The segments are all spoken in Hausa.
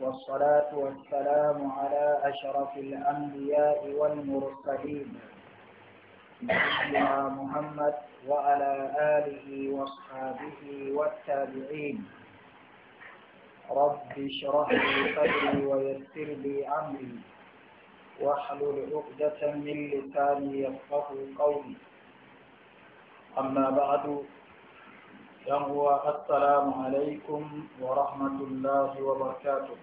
والصلاة والسلام على أشرف الأنبياء والمرسلين نبينا محمد وعلى آله وأصحابه والتابعين رب اشرح لي صدري ويسر لي أمري واحلل عقدة من لساني يفقه قولي أما بعد فهو السلام عليكم ورحمة الله وبركاته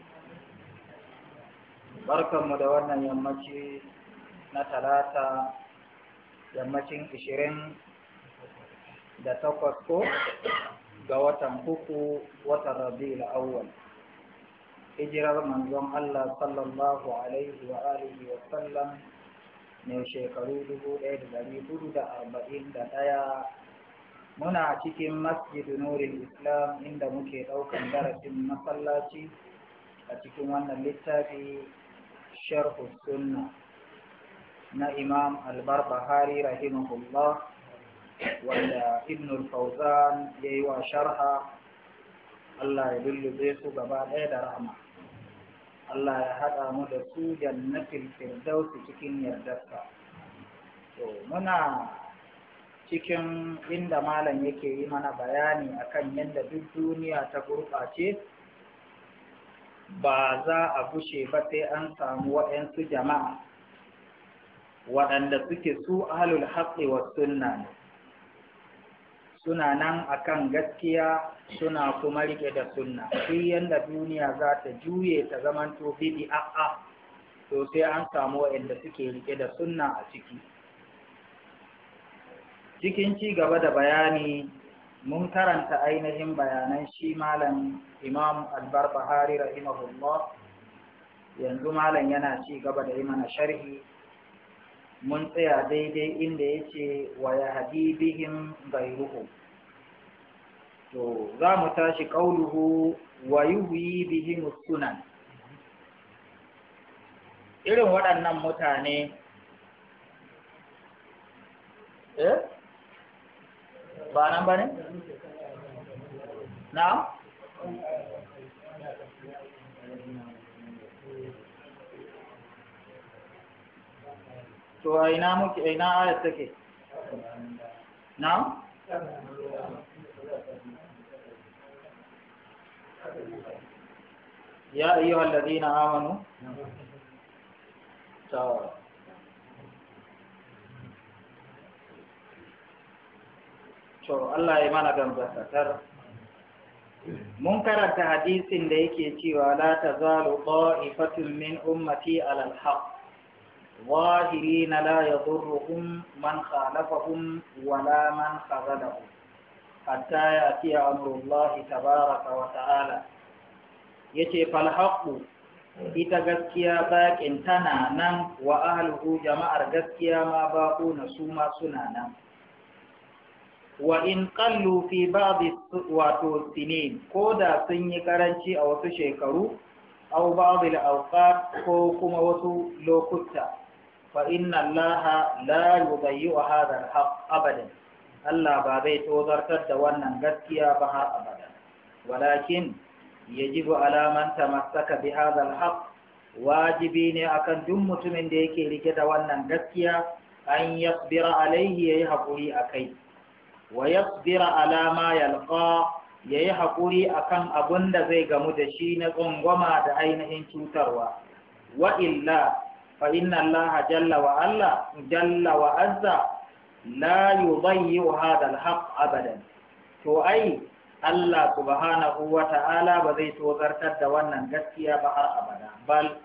Barkan mu da wannan yammaci na talata yammacin ishirin da takwas ko ga watan uku watan rabi'ul awwal hijirar manzon Allah sallallahu alaihi wa alihi wa sallam mai shekaru dubu ɗaya da ɗari hudu da arba'in da ɗaya muna cikin masjid nurin islam inda muke ɗaukan darasin masallaci a cikin wannan littafi شرح السنة نا إمام البربهاري رحمه الله ولا ابن الفوزان يوا شرحا الله يدل بيسو غبا دا رحمه Allah ya haɗa mu da su jannatin firdausi cikin yardarsa. To, muna cikin inda malam yake yi mana bayani akan yadda duk duniya ta gurɓace ba za a bushe ba sai an samu waɗansu jama'a waɗanda suke su ahlul haqqi wa sunna ne suna nan akan gaskiya suna kuma rike da sunna shi yanda duniya za ta juye ta zamanto bidi a'a to sai an samu waɗanda suke rike da sunna a ciki cikin ci gaba da bayani mun karanta ainihin bayanan shi malam imam albarbahari rahimahullah yanzu malam yana ci gaba da yi mana sharhi mun tsaya daidai inda ya ce wa ya hadi bihim gairuhu to za mu tashi ƙauluhu wa yuhyi bihim sunan irin waɗannan mutane eh ba nan ba ne? na? to a ina muke a ina ayat take na? ya iya wallazi na amanu? ta Allah mana gambatar mun karanta hadisin da yake cewa la tazalu qa'ifatun min ummati ala al-haq ظاهرين لا يضرهم من خالفهم ولا من خذلهم حتى يأتي أمر الله تبارك وتعالى yace falhaku ita gaskiya zaƙin tana nan wa ahluhu jama'ar gaskiya ma baƙo na suma suna nan wa in qallu fi ba'dhi wato sinin ko da sun yi karanci a wasu shekaru aw ba'dhi al-awqat ko kuma wasu lokuta fa inna allaha la yudayyi'u hadha al-haqq abadan Allah ba zai tozartar da wannan gaskiya ba har abada walakin yajibu ala man tamassaka bi hadha al-haqq wajibi ne akan duk mutumin da yake rike da wannan gaskiya an yasbira alaihi yayi hakuri akai wa yasbira ala ma yalqa yayi hakuri akan abun da zai gamu da shi na tsangwama da ainihin cutarwa wa illa fa inna Allah jalla wa alla jalla wa azza la yudayyi'u hadha al abadan to ai Allah subhanahu wa ta'ala ba zai tozartar da wannan gaskiya ba har abada bal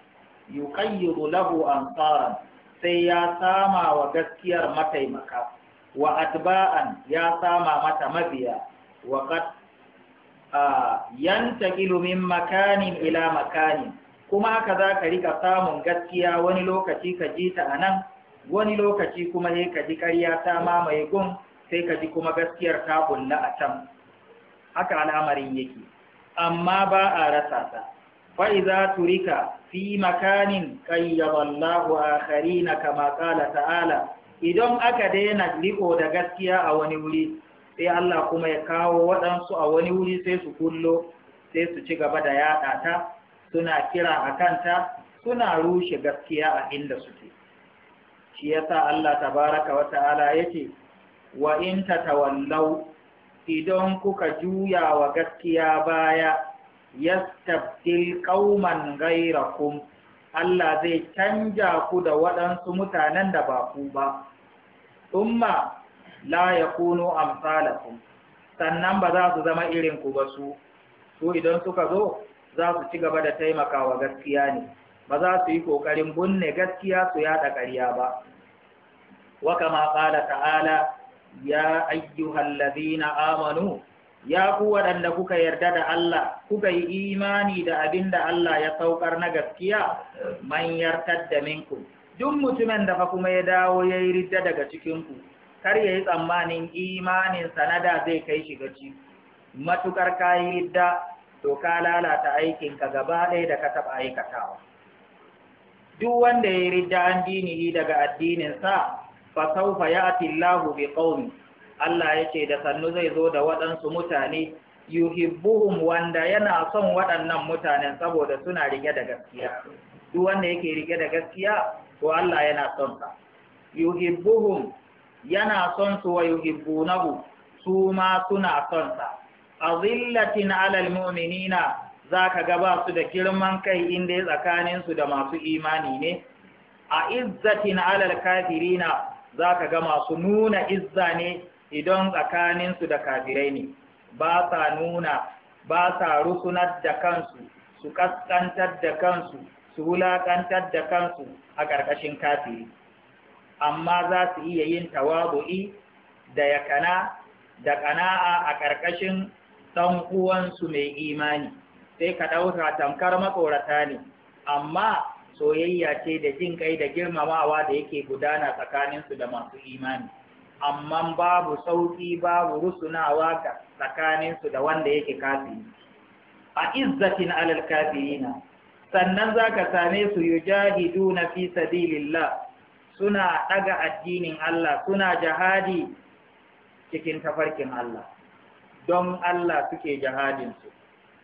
yuqayyidu lahu ansaran sai ya sama wa gaskiyar mataimaka wa atba'an ya sama mata mabiya wa qad yantaqilu min makanin ila makanin kuma haka za ka rika samun gaskiya wani lokaci ka ji ta nan, wani lokaci kuma sai ka ji ƙarya ta mamaye gun sai ka ji kuma gaskiyar ta bulla a can haka al'amarin yake amma ba a rasa ta fa'iza turika fi makanin ƙayyaballahu akharina kama qala ta'ala idan aka daina riko da gaskiya a wani wuri sai Allah kuma ya kawo waɗansu a wani wuri sai su kullo sai su ci gaba da yaɗa ta suna kira a kanta suna rushe gaskiya a inda suke shi yasa Allah tabaraka wa ta'ala yake wa in tatawallau idan kuka juya wa gaskiya baya yastabdil qauman ghayrakum Allah zai canja ku da waɗansu mutanen da ba ku ba Umma, la yakunu amsalakum sannan ba za su zama irin ku ba su su idan suka zo za su ci gaba da taimakawa gaskiya ne ba za su yi kokarin bunne gaskiya su yada ƙarya ba wa kama qala ta'ala ya ayyuhallazina amanu ya ku waɗanda kuka yarda da Allah kuka yi imani da abin da Allah ya saukar na gaskiya man yartadda minkum duk mutumin da fa kuma ya dawo ya yi ridda daga cikinku kar ya yi tsammanin imanin sanada zai kai shi gaci matukar ka yi ridda to ka lalata aikinka gaba ɗaya da ka taɓa aikatawa duk wanda ya yi ridda an dinihi daga addininsa fa saufa ati Allahu bi qaumi Allah yace da sannu zai zo da waɗansu mutane yuhibbuhum wanda yana son waɗannan mutanen saboda suna rike da gaskiya duk wanda yake rike da gaskiya ko Allah yana son ka yuhibbuhum yana son su wa yuhibbunahu su ma suna son sa azillatin alal mu'minina zaka ga ba su da girman kai inda tsakanin su da masu imani ne a izzatin alal kafirina zaka ga masu nuna izza ne idan tsakanin su da kafirai ne ba sa nuna ba sa rusunar da kansu su kaskantar da kansu su wulaƙantar da kansu a ƙarƙashin kafiri amma za su iya yin tawabu'i da yakana da ƙana'a a ƙarƙashin ɗan uwansu mai imani sai ka ɗauka tamkar maƙorata ne amma soyayya ce da jin kai da girmamawa da yake gudana tsakaninsu da masu imani amma babu sauƙi babu rusunawa tsakaninsu da wanda yake kafiri a izzatin alal kafirina sannan za ka same su yi na fi sabilillah suna ɗaga addinin Allah suna jihadi cikin tafarkin Allah don Allah suke jihadinsu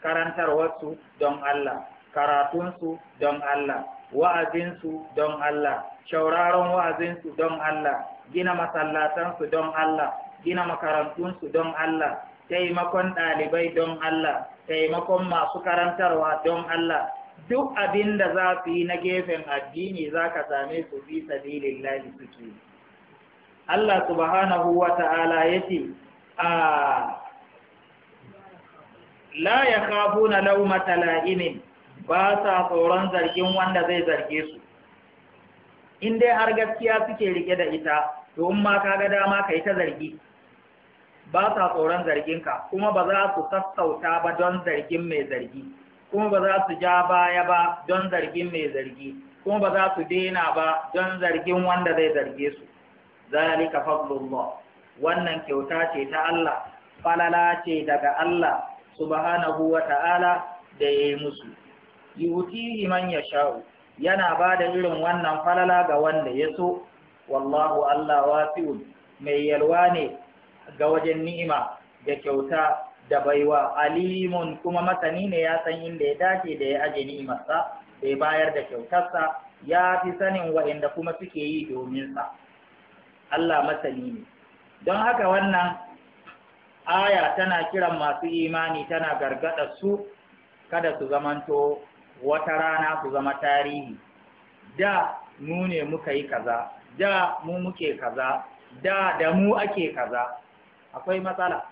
karantarwarsu don Allah karatunsu don Allah wa'azinsu don Allah shauraron wa'azinsu don Allah gina masallatansu don Allah gina makarantunsu don Allah taimakon ɗalibai don Allah taimakon masu karantarwa don Allah duk abin da za su yi na gefen addini za ka same su fi sabilin lahi suke Allah subhanahu wa ta'ala ya ce a la ya kafu na lauma tala’imin ba sa tsoron zargin wanda zai zarge su in dai har gaskiya suke rike da ita to in ma ka ga dama ka yi ta zargi ba sa tsoron zarginka kuma ba za su sassauta ba don zargin mai zargi. kuma ba za su ja baya ba don zargin mai zargi kuma ba za su dena ba don zargin wanda zai zarge su zalika fadlullah wannan kyauta ce ta Allah falala ce daga Allah subhanahu wa ta'ala da yayi musu yutihi man yasha'u yana ba da irin wannan falala ga wanda ya so wallahu Allah wasi'un mai yalwa ne ga wajen ni'ima da kyauta da baiwa alimun kuma masani ne ya san inda ya dace da ya aje ni'imarsa da ya bayar da kyautarsa ya fi sanin wa'inda kuma suke yi domin sa Allah masani ne don haka wannan aya tana kiran masu imani tana gargada su kada su zamanto wata rana su zama tarihi da mu ne muka yi kaza da mu muke kaza da da mu ake kaza akwai matsala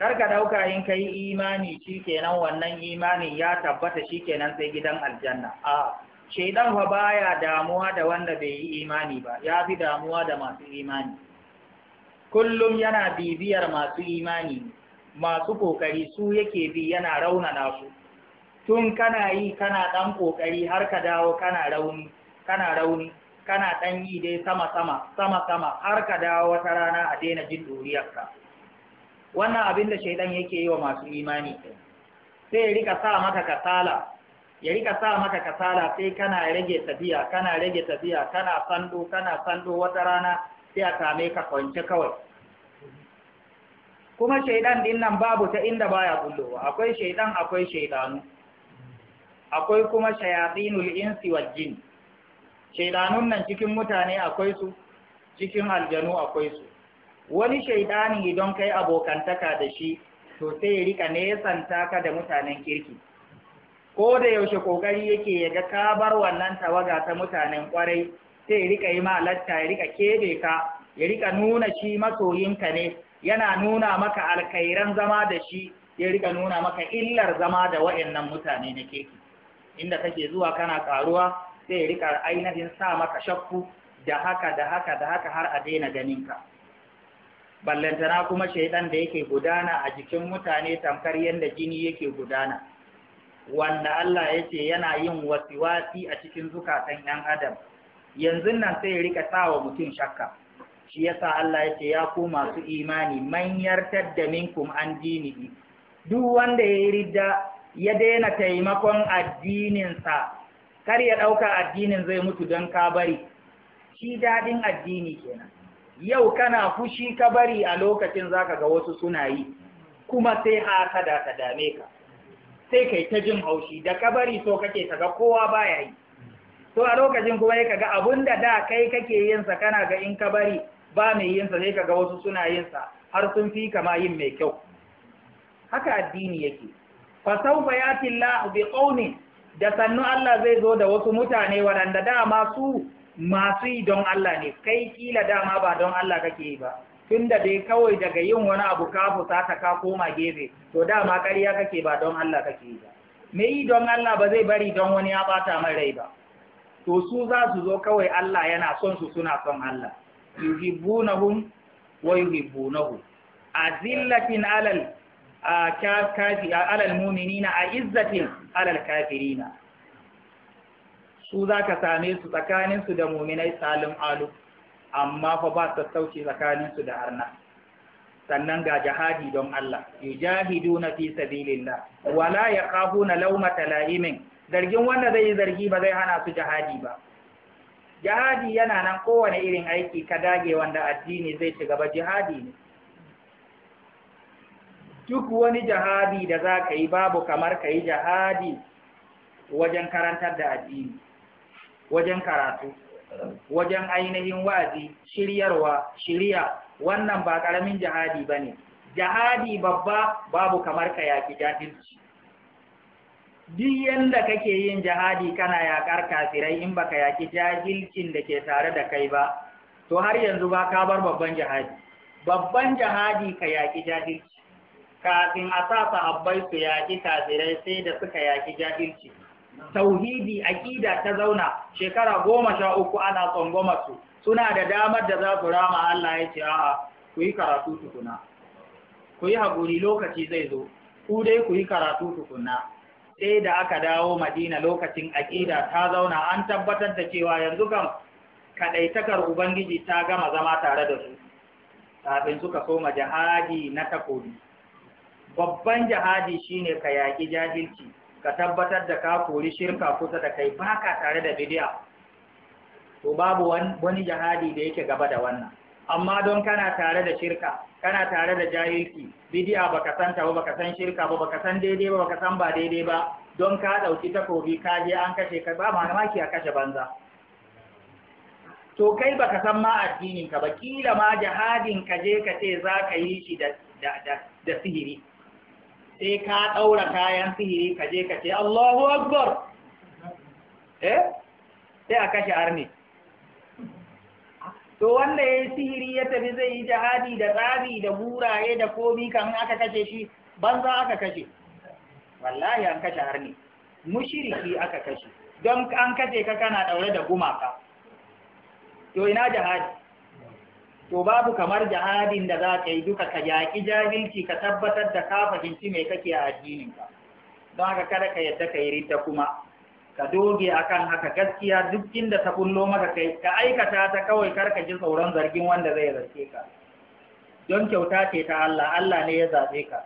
kar ka dauka in kai imani shikenan wannan imani ya tabbata shikenan sai gidan aljanna a shaidan fa baya damuwa da wanda bai yi imani ba ya fi damuwa da masu imani kullum yana bibiyar masu imani masu kokari su yake bi yana raunana su tun kana yi kana ɗan ƙoƙari har ka dawo kana rauni kana rauni kana ɗan yi dai sama sama sama sama har ka dawo wata rana a daina jin duriyarka wannan abin da shaidan yake yi wa masu imani sai ya rika sa maka kasala ya rika sa maka kasala sai kana rage tafiya kana rage tafiya kana sando kana sando wata rana sai a same ka kwance kawai kuma shaidan din nan babu ta inda baya bullowa akwai shaidan akwai shaidanu akwai kuma shayatinul insi wal jin shaidanun nan cikin mutane akwai su cikin aljanu akwai su wani shaidani don kai abokantaka da shi to sai ya rika nesanta ka da mutanen kirki ko da yaushe kokari yake ya ga ka bar wannan tawaga ta mutanen kwarai sai ya rika yi ma latta ya rika kebe ka ya rika nuna shi masoyinka ne yana nuna maka alkairan zama da shi ya rika nuna maka illar zama da waɗannan mutane na kirki inda kake zuwa kana karuwa sai ya rika ainihin sa maka shakku da haka da haka da haka har a daina ganinka ballantana kuma shaidan da yake gudana a jikin mutane tamkar yadda jini yake gudana wanda Allah ya ce yana yin wasiwasi a cikin zukatan ‘yan adam yanzu nan sai rika sawa mutum shakka shi yasa Allah ya ce ya ku masu imani man yartar da minkum an dini duk wanda ya yi ridda ya daina taimakon addininsa kar ya ɗauka addinin zai mutu don ka bari shi daɗin addini kenan yau kana fushi ka bari a lokacin za ka ga wasu suna yi kuma sai hasada ta dame ka sai kai ta jin haushi da ka bari so kake ta ga kowa baya yi to a lokacin kuma ya ga abinda da da kai kake yinsa kana ga in ka bari ba mai yinsa sai ka ga wasu suna yinsa har sun fi kama yin mai kyau haka addini yake fa sawfa yati Allah bi da sannu Allah zai zo da wasu mutane waɗanda dama su masu yi don Allah ne kai kila dama ba don Allah kake yi ba tunda dai kawai daga yin wani abu ka fusata ka koma gefe to dama ƙarya kake ba don Allah kake yi ba me yi don Allah ba zai bari don wani ya bata mai rai ba to su za su zo kawai Allah yana son su suna son Allah yuhibbunahum wa A azillatin alal kafi alal mu'minina a izzatin alal kafirina su za ka same su tsakaninsu da muminai salim alu amma fa ba sassauci tsakaninsu da arna sannan ga jihadi don Allah na fi sabilillah wala ya na laumata la'imin zargin wanda zai yi zargi ba zai hana su jihadi ba jihadi yana nan kowane irin aiki ka dage wanda addini zai ci gaba jihadi ne duk wani jihadi da za ka yi babu kamar ka yi jihadi wajen karantar da addini wajen karatu wajen ainihin wazi shiryarwa shirya wannan ba ƙaramin jihadi ba ne jihadi babba babu kamar ka yaƙi jahilci duk yadda kake yin jihadi kana yaƙar kafirai in baka yaƙi jahilcin da ke tare da kai ba to har yanzu ba ka bar babban jihadi babban jihadi ka yaƙi jahilci kafin a sa sahabbai su yaƙi kafirai sai da suka yaƙi jahilci tauhidi Aqida ta zauna shekara goma sha uku ana tsongoma su suna da damar da za su rama Allah ya ce a'a ku yi karatu tukuna ku yi haƙuri lokaci zai zo ku dai ku yi karatu tukuna sai da aka dawo madina lokacin Aqida ta zauna an tabbatar da cewa yanzu kam kadaitakar ubangiji ta gama zama tare da su kafin suka soma jihadi na takobi babban jihadi shine ka yaƙi jahilci ka tabbatar da ka kori shirka kusa da kai ba ka tare da bidiya to babu wani jihadi da yake gaba da wannan amma don kana tare da shirka kana tare da jahilci bidiya baka san ta ba baka san shirka ba baka san daidai ba baka san ba daidai ba don ka dauki takobi ka je an kashe ka ba maki a kashe banza to kai baka san ma addinin ka ba kila ma jihadin ka je ka ce za ka yi shi da da da sihiri sai ka ɗaura kayan sihiri ka je ka ce Allahu Akbar eh sai a kashe arni to wanda ya yi sihiri ya tafi zai yi jihadi da tsabi da buraye da komi kan aka kashe shi banza aka kashe wallahi an kashe arni mushiriki aka kashe don an kashe ka kana ɗaure da gumaka to ina jihadi to babu kamar jihadin da za ka yi duka ka yaƙi jahilci ka tabbatar da ka fahimci mai kake a addininka don haka kada ka yadda ka yi ridda kuma ka doge akan haka gaskiya duk inda ta kullo maka kai ka aikata ta kawai kar ka ji tsoron zargin wanda zai zarge ka don kyauta ce ta Allah Allah ne ya zabe ka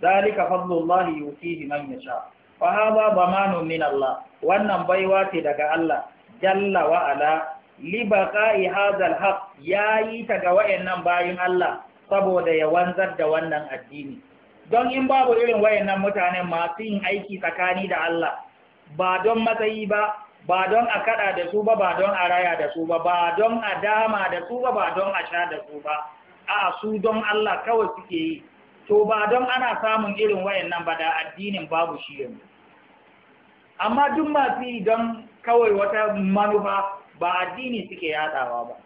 zalika fadlullahi yutihi man yasha fa hada damanun min Allah wannan baiwa ce daga Allah jalla wa ala ihazal hadzal haqq yayi ta ga wayannan bayin Allah saboda ya wanzar da wannan addini don in babu irin wayannan mutanen masu yin aiki tsakani da Allah ba don matsayi ba ba don a kada da su ba ba don a raya da su ba ba don a dama da su ba ba don a sha da su ba a su don Allah kawai suke yi to ba don ana samun irin wayannan ba da addinin babu shi yanzu amma duk masu yi don kawai wata manufa ba addini suke yadawa ba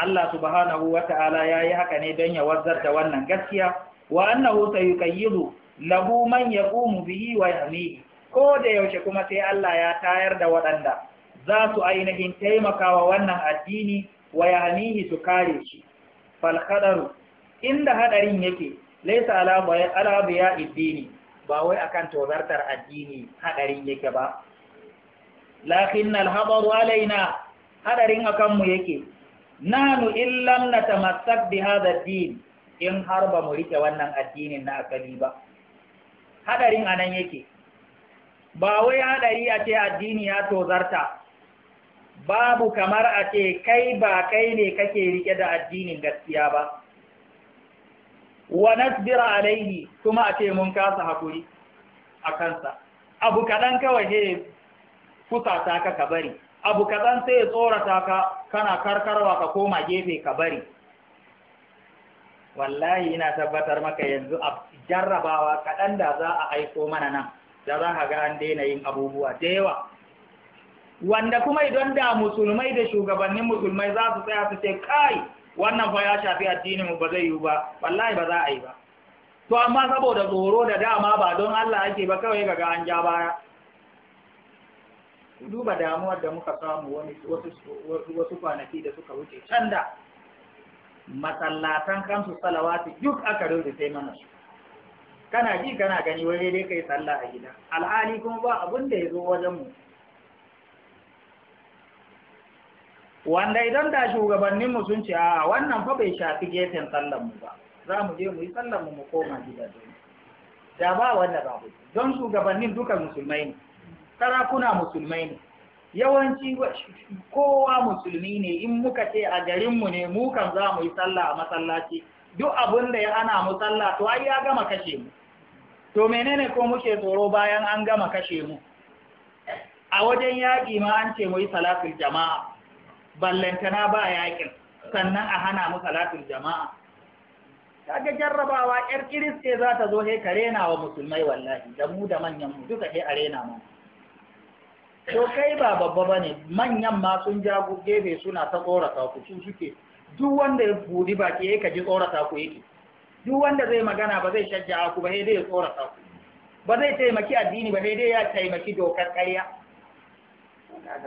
Allah subhanahu wa ya yi haka ne don ya wazzar da wannan gaskiya wa annahu sayuqayyidu lahu man yaqumu bihi wa yahmihi ko da yaushe kuma sai Allah ya tayar da waɗanda za su ainihin taimakawa wannan addini wa yahmihi su kare shi fal inda hadarin yake laysa ala ala biya ba wai akan tozartar addini hadarin yake ba lakin alhabar walaina hadarin akan mu yake nanu lamnata natamassak da hadha din in har ba mu rike wannan addinin na asali ba hadarin nan yake ba wai hadari a ce addini ya tozarta babu kamar a ce kai ba kai ne kake rike da addinin gaskiya ba wa nasbira alaihi kuma a ce mun kasa hakuri a kansa abu kaɗan kawai he fusata ka ka bari abu kazan sai ya tsorata ka kana karkarwa ka koma gefe ka bari wallahi ina tabbatar maka yanzu a jarrabawa kaɗan da za a aiko mana nan da za ka ga an daina yin abubuwa da yawa wanda kuma idan da musulmai da shugabannin musulmai za su tsaya su ce kai wannan fa ya shafi addinin mu ba zai yi ba wallahi ba za a yi ba to amma saboda tsoro da dama ba don Allah ake ba kawai ga an ja baya duba damuwar da muka samu wasu kwanaki da suka wuce can da masallatan kansu salawatu duk aka sai mana su kana ji kana gani wani dai kai sallah a gida al'ali kuma ba abin da ya zo wajen mu wanda idan da shugabannin mu sun ce a wannan fa bai shafi gefen sallan mu ba za mu je mu yi sallar mu mu koma gida da ba wanda ba don shugabannin duka musulmai ne sarakuna musulmai ne yawanci kowa musulmi ne in muka ce a garinmu ne mu kan za mu yi sallah a masallaci duk abin da ya ana mu sallah to ai ya gama kashe mu to menene ko muke tsoro bayan an gama kashe mu a wajen yaƙi ma an ce mu yi salatul jama'a ballantana ba yaƙin sannan a hana mu salatul jama'a kaga jarrabawa yar kiriske za ta zo he ka rena wa musulmai wallahi da mu da manyan mu duka he a rena to kai ba babba ba ne manyan ma sun jago gefe suna ta tsorata ku su suke duk wanda ya buɗi baki ka ji tsorata ku yake duk wanda zai magana ba zai shajja ku ba sai dai ya tsorata ku ba zai taimaki addini ba sai dai ya taimaki dokar ƙarya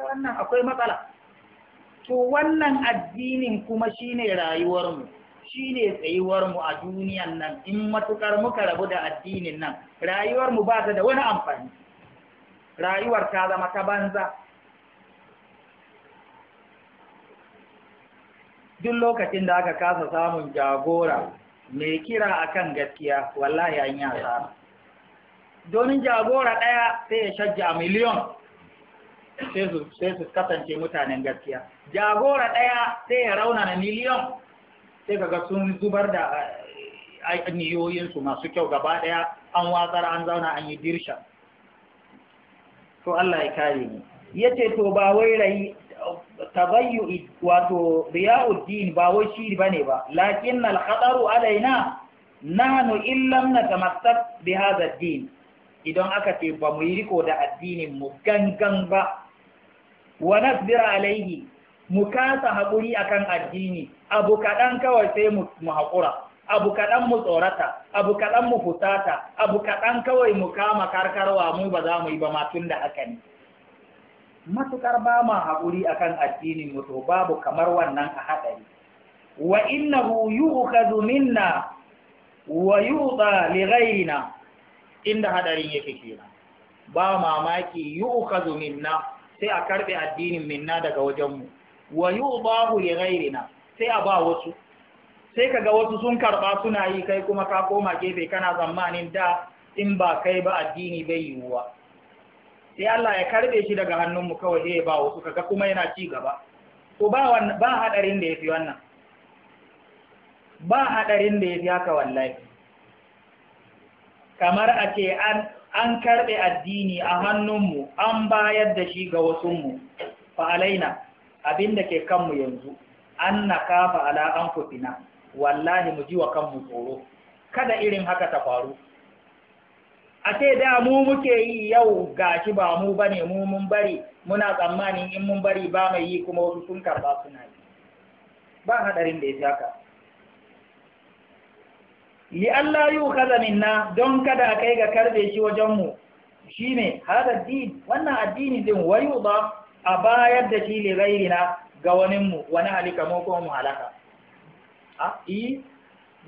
wannan akwai matsala to wannan addinin kuma shine rayuwarmu shine tsayuwarmu a duniyan nan in matukar muka rabu da addinin nan rayuwarmu ba ta da wani amfani rayuwar ta zama ta banza duk lokacin da aka kasa samun jagora mai kira akan gaskiya wallahi an yi asara domin jagora ɗaya sai ya shajja a miliyon sai su kasance mutanen gaskiya jagora ɗaya sai ya rauna na miliyon sai kaga sun zubar da eh, niyoyinsu masu kyau gaba ɗaya an watsar an zauna an yi dirshan to Allah ya kare Ya yace to ba wai rai tabayyu wato riyauddin ba wai shi bane ba lakin al khataru alaina nahnu illam natamattab bi hadha ad-din idan aka ce ba mu yi riko da addinin mu gangan ba wa nasbira alaihi mu kasa haƙuri akan addini abu kaɗan kawai sai mu haƙura abu kaɗan mu tsorata abu kaɗan mu fusata abu kaɗan kawai mu kama karkarwa mu ba za mu yi ba matun da haka ne matukar ba ma haƙuri akan addinin mu to babu kamar wannan a hadari wa innahu yu'khadhu minna wa yu'ta li ghayrina inda hadarin yake kenan ba mamaki yu'khadhu minna sai a karbe addinin minna daga wajen mu wa yu'ta li ghayrina sai a ba wasu sai kaga wasu sun karba suna yi kai kuma ka koma gefe kana zamanin da in ba kai ba addini bai yiwuwa sai Allah ya karbe shi daga hannunmu kawai sai ba wasu kaga kuma yana ci gaba to ba ba hadarin da yafi wannan ba hadarin da yafi haka wallahi kamar a ce an an karbe addini a hannunmu an bayar da shi ga wasunmu fa alaina abinda ke kanmu yanzu an na kafa ala an fufina wallahi mu ji wa kanmu tsoro kada irin haka ta faru a ce da mu muke yi yau gashi ba mu bane mu mun bari muna tsammanin in mun bari ba mai yi kuma wasu sun karba suna yi ba hadarin da ya fi haka li Allah yu kaza minna don kada a kai ga karbe shi wajen mu shine hada din wannan addini din wayu ba a bayar da shi li ghairina ga wani mu wani halika mu ko mu halaka yi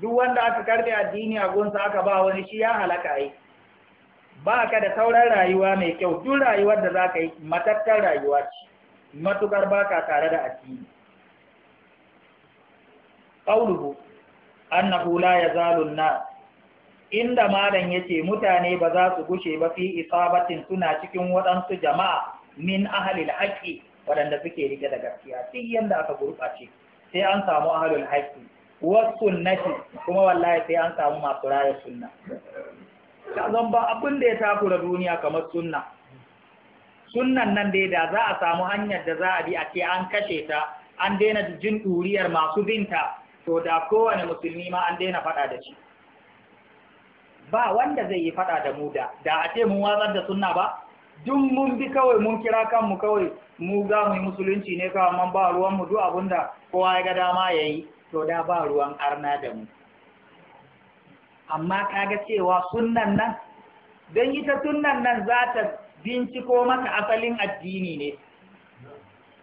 duk wanda aka karbe addini a gunsa aka ba wani shi ya halaka yi ba ka da sauran rayuwa mai kyau duk rayuwar da za ka yi matattar rayuwa ce matukar ba ka tare da addini ƙauluhu hula ya zalun na inda malam ya ce mutane ba za su gushe ba fi isabatin suna cikin waɗansu jama'a min ahalil haƙƙi waɗanda suke rike da gaskiya duk yadda aka gurɓace sai an samu ahlul haƙƙi. wa kuma wallahi sai an samu masu raya sunna ka zan ba abin da ya takura duniya kamar sunna sunnan nan dai da za a samu hanyar da za a bi a ce an kashe ta an daina jin ɗuriyar masu binta to da kowane musulmi ma an daina faɗa da shi ba wanda zai yi faɗa da mu da a ce mun watsar da sunna ba duk mun bi kawai mun kira kanmu kawai mu ga mu musulunci ne kawai man ba ruwan mu duk da kowa ya ga dama ya yi. to da ba ruwan arna da mu amma kaga cewa sunnan nan don ita sunnan nan za ta binciko maka asalin addini ne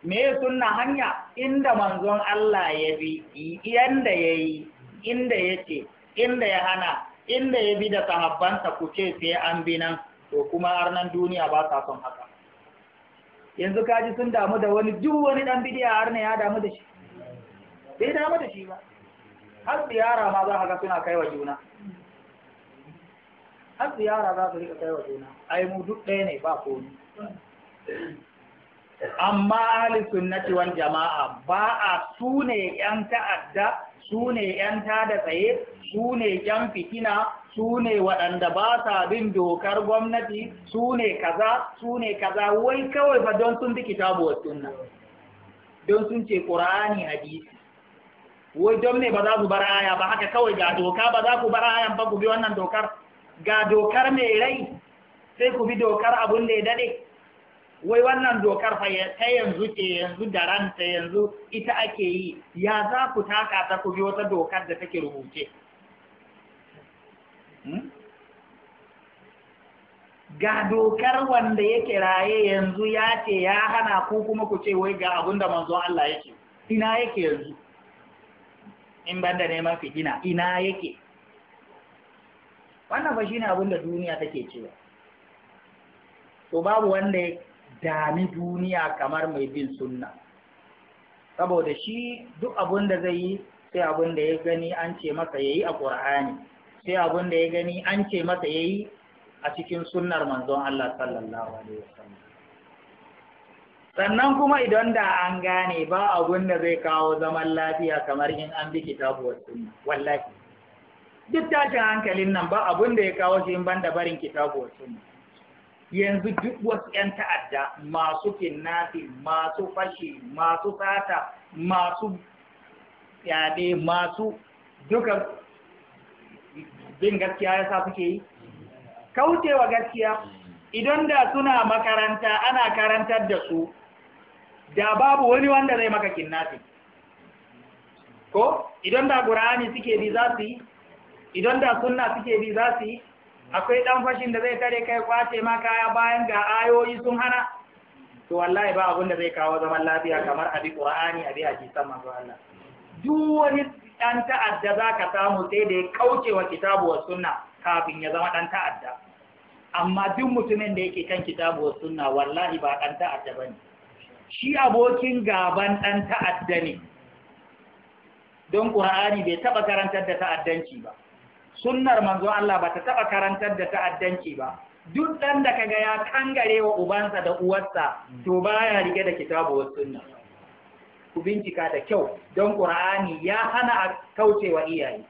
me sunna hanya inda manzon Allah ya bi yanda ya yi inda ya ce inda ya hana inda ya bi da sahabbansa ku ce sai an bi nan to kuma arnan duniya ba sa son haka yanzu kaji sun damu da wani duk wani ɗan bidiya har ne ya damu da shi bai damu da shi ba har ziyara ma za ka ga suna kai wa juna har ziyara za su rika kai wa juna ai mu duk ɗaya ne ba komi amma ahli sunnati wal jama'a ba a su ne yan ta'adda su ne yan tada tsaye su ne yan fitina su ne waɗanda ba sa bin dokar gwamnati su ne kaza su ne kaza wai kawai fa don sun fi kitabu wa sunna don sun ce qur'ani hadisi wai don ne ba za ku bar aya ba haka kawai ga doka ba za ku bar ayan ba ku bi wannan dokar ga dokar mai rai sai ku bi dokar abun da ya dade wai wannan dokar fa ta yanzu ke yanzu da ranta yanzu ita ake yi ya za ku taka ta ku bi wata dokar da take rubuce hmm? ga dokar wanda yake raye yanzu ya ce ya hana ku kuma ku ce wai ga abun da manzon Allah yake ina yake yanzu in ban da neman fitina ina yake wannan fashi ne abin duniya take cewa to babu wanda ya dami duniya kamar mai bin sunna saboda shi duk abinda zai yi sai abinda da ya gani an ce masa ya yi a Qur'ani sai abinda ya gani an ce masa ya yi a cikin sunnar manzon Allah sallallahu alaihi wasallam sannan kuma idan da an gane ba abun da zai kawo zaman lafiya kamar in an bi kitabu wasu sunna wallahi duk tashin hankalin nan ba abun da ya kawo shi ban da barin kitabu wa sunna yanzu duk wasu 'yan ta'adda masu kinnafi masu fashi masu sata masu yaɗe masu duka bin gaskiya ya sa suke yi kautewa gaskiya idan da suna makaranta ana karantar da su da babu wani wanda zai maka kinnafi ko idan da qur'ani suke bi za su idan da sunna suke bi za su akwai dan fashin da zai tare kai kwace ma kaya bayan ga ayoyi sun hana to wallahi ba abun da zai kawo zaman lafiya kamar abi qur'ani abi san manzo Allah duk wani dan ta'adda zaka samu sai da ya kauce wa kitabu wa sunna kafin ya zama dan ta'adda amma duk mutumin da yake kan kitabu wa sunna wallahi ba ɗan ta'adda ba ne shi abokin gaban ɗan ta'adda ne don ƙur'ani bai taɓa karantar da ta'addanci ba sunnar manzo Allah ba ta taɓa karantar da ta'addanci ba duk ɗan da kaga ya kangare wa ubansa da uwarsa to baya rike da kitabu wa sunna ku bincika da kyau don ƙur'ani ya hana a kaucewa iyaye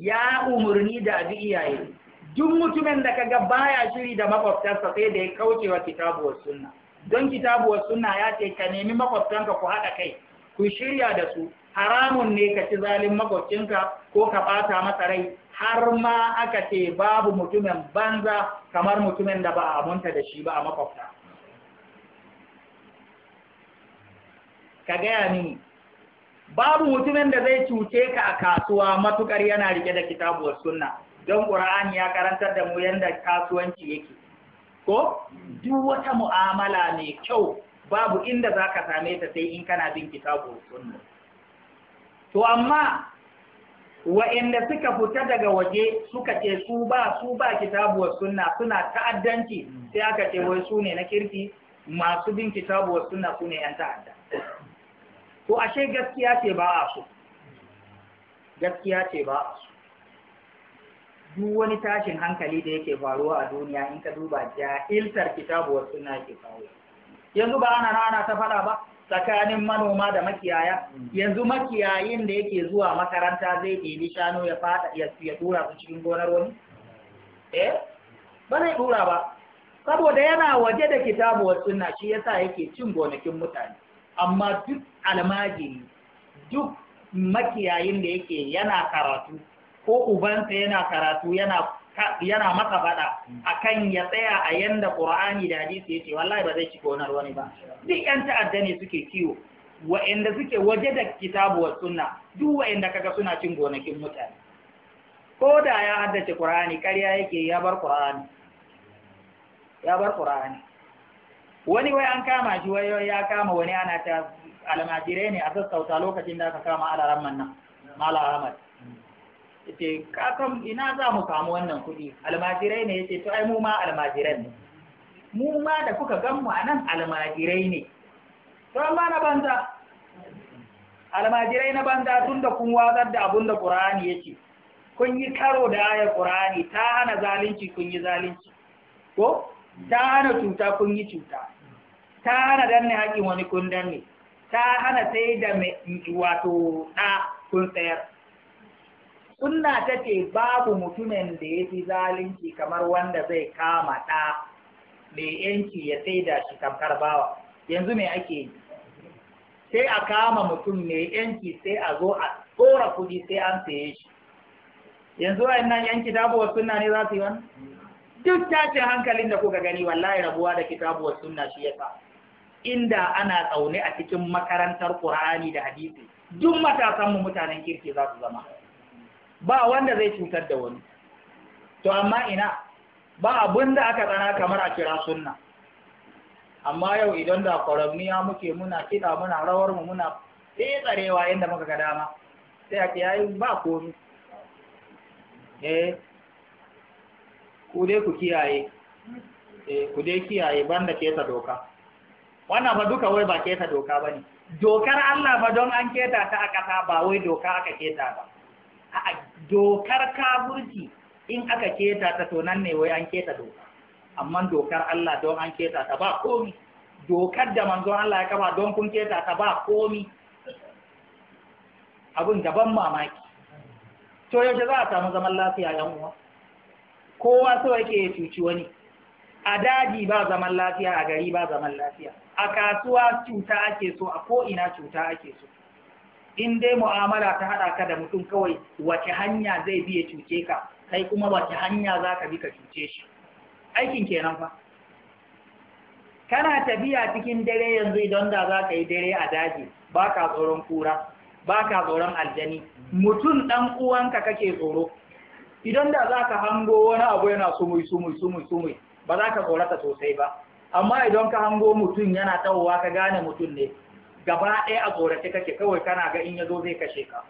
ya umurni da abi iyaye duk mutumin da kaga baya shiri da makwabtansa sai da ya kauce wa kitabuwar sunna don kitabuwar sunna ya ce ka nemi makwabtanka ku haɗa kai ku shirya da su haramun ne ka ci zalin makwabcinka ko ka ɓata masa rai har ma aka ce babu mutumin banza kamar mutumin da ba a amunta da shi ba a makwabta ka gaya mini babu mutumin da zai cuce ka a kasuwa matukar yana rike da kitabuwar sunna don ƙura'ani ya karantar da mu yadda kasuwanci yake ko duk wata mu'amala mai kyau babu inda zaka same ta sai in kana bin kitabu sunna to amma wa'inda suka fita daga waje suka ce su ba su ba kitabu sunna suna ta'addanci sai aka ce wai su ne na kirki masu bin kitabu sunna su ne yan ta'adda to ashe gaskiya ce ba a so gaskiya ce ba a so duk wani tashin hankali da yake faruwa a duniya in ka duba jahiltar kitabu wa sunna yake kawo yanzu ba ana rana ta faɗa ba tsakanin manoma da makiyaya yanzu makiyayin da yake zuwa makaranta zai ɗebi shanu ya fada ya ya tura su cikin gonar wani eh ba zai tura ba saboda yana waje da kitabu wa sunna shi yasa yake cin gonakin mutane amma duk almajiri duk makiyayin da yake yana karatu ko ubansa yana karatu yana yana masa faɗa akan ya tsaya a yanda Qur'ani da hadisi yace wallahi ba zai ci gonar wani ba duk yan ta'adda ne suke kiwo wa'anda suke waje da kitabu wa sunna duk wa'anda kaga suna cin gonakin mutane ko da ya haddace Qur'ani ƙarya yake ya bar Qur'ani ya bar Qur'ani wani wai an kama shi wai ya kama wani ana ta almajirai ne a sassauta lokacin da aka kama alaramman nan mala Ahmad yace ka ina za mu samu wannan kuɗi almajirai ne yace to ai mu ma almajiran ne mu ma da kuka gan mu anan almajirai ne to amma na banza almajirai na banza tun da kun wazar da abun da qur'ani yace kun yi karo da ayar qur'ani ta hana zalunci kun yi zalunci ko ta hana cuta kun yi cuta ta hana danne haƙin wani kun danne ta hana sai da wato ɗa kun tsayar sunna ta ce babu mutumin da ya fi zalunci kamar wanda zai kama ɗa mai yanki ya saida shi tamkar bawa yanzu me ake yi sai a kama mutum mai yanki sai a zo a tsora kuɗi sai an saye shi yanzu wayannan yan buwa sunna ne za su yi wani duk tashin hankalin da kuka gani wallahi rabuwa da kitabuwar sunna shi yasa inda ana tsaune a cikin makarantar Qur'ani da hadisi duk matasanmu mutanen kirki za su zama ba wanda zai cutar da wani to amma ina ba abin da aka tsana kamar a kira sunna amma yau idan da kwaramniya muke muna kiɗa muna rawar mu muna tsarewa inda muka ga dama sai a ce yayi ba komi eh ku dai ku kiyaye eh ku dai kiyaye banda keta doka wannan fa duka wai ba keta doka bane dokar Allah fa don an keta ta a ƙasa ba wai doka aka keta ba a dokar kafurci in aka keta ta to nan ne wai an keta doka amma dokar Allah don an keta ta ba komi dokar da manzon Allah ya kafa don kun keta ta ba komi abin ban mamaki to yaushe za a samu zaman lafiya yan uwa kowa so yake cuci wani a daji ba zaman lafiya a gari ba zaman lafiya a kasuwa cuta ake so a ko ina cuta ake so in dai mu'amala ta haɗa ka da mutum kawai wace hanya zai bi ya cuce ka kai kuma wace hanya za ka bi ka cuce shi aikin kenan fa kana tafiya cikin dare yanzu idan da za ka yi dare a daji ba ka tsoron kura ba ka tsoron aljani mutum ɗan uwanka kake tsoro idan da za ka hango wani abu yana sumui sumui sumui sumui ba za ka tsorata sosai ba amma idan ka hango mutum yana tawowa ka gane mutum ne gaba ɗaya a tsorace kake kawai kana ga in ya zo zai kashe ka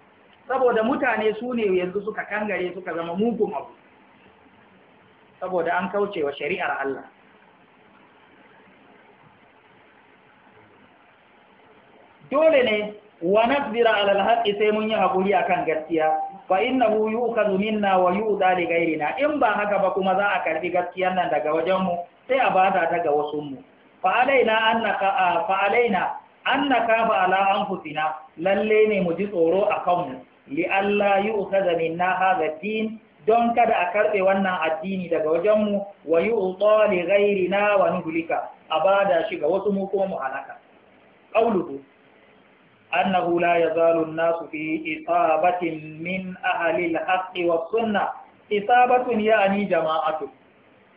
saboda mutane su ne yanzu suka kangare suka zama mugun abu saboda an kauce wa shari'ar Allah dole ne wa nasbira ala alhaqi sai mun yi hakuri akan gaskiya fa innahu yu'khadhu minna wa yu'da li ghayrina in ba haka ba kuma za a karbi gaskiyar nan daga wajen mu sai a bada ta ga wasu mu fa alaina annaka fa alaina an na kafa ala an fusina lalle ne mu ji tsoro a kanmu li Allah yi ukaza na haza din don kada a karɓe wannan addini daga wajenmu wa yi utsa li na wani nuhlika a ba da shi ga wasu mu kuma mu halaka an annahu la zalun nasu fi isabatin min ahli al wa was-sunnah ya ani jama'atu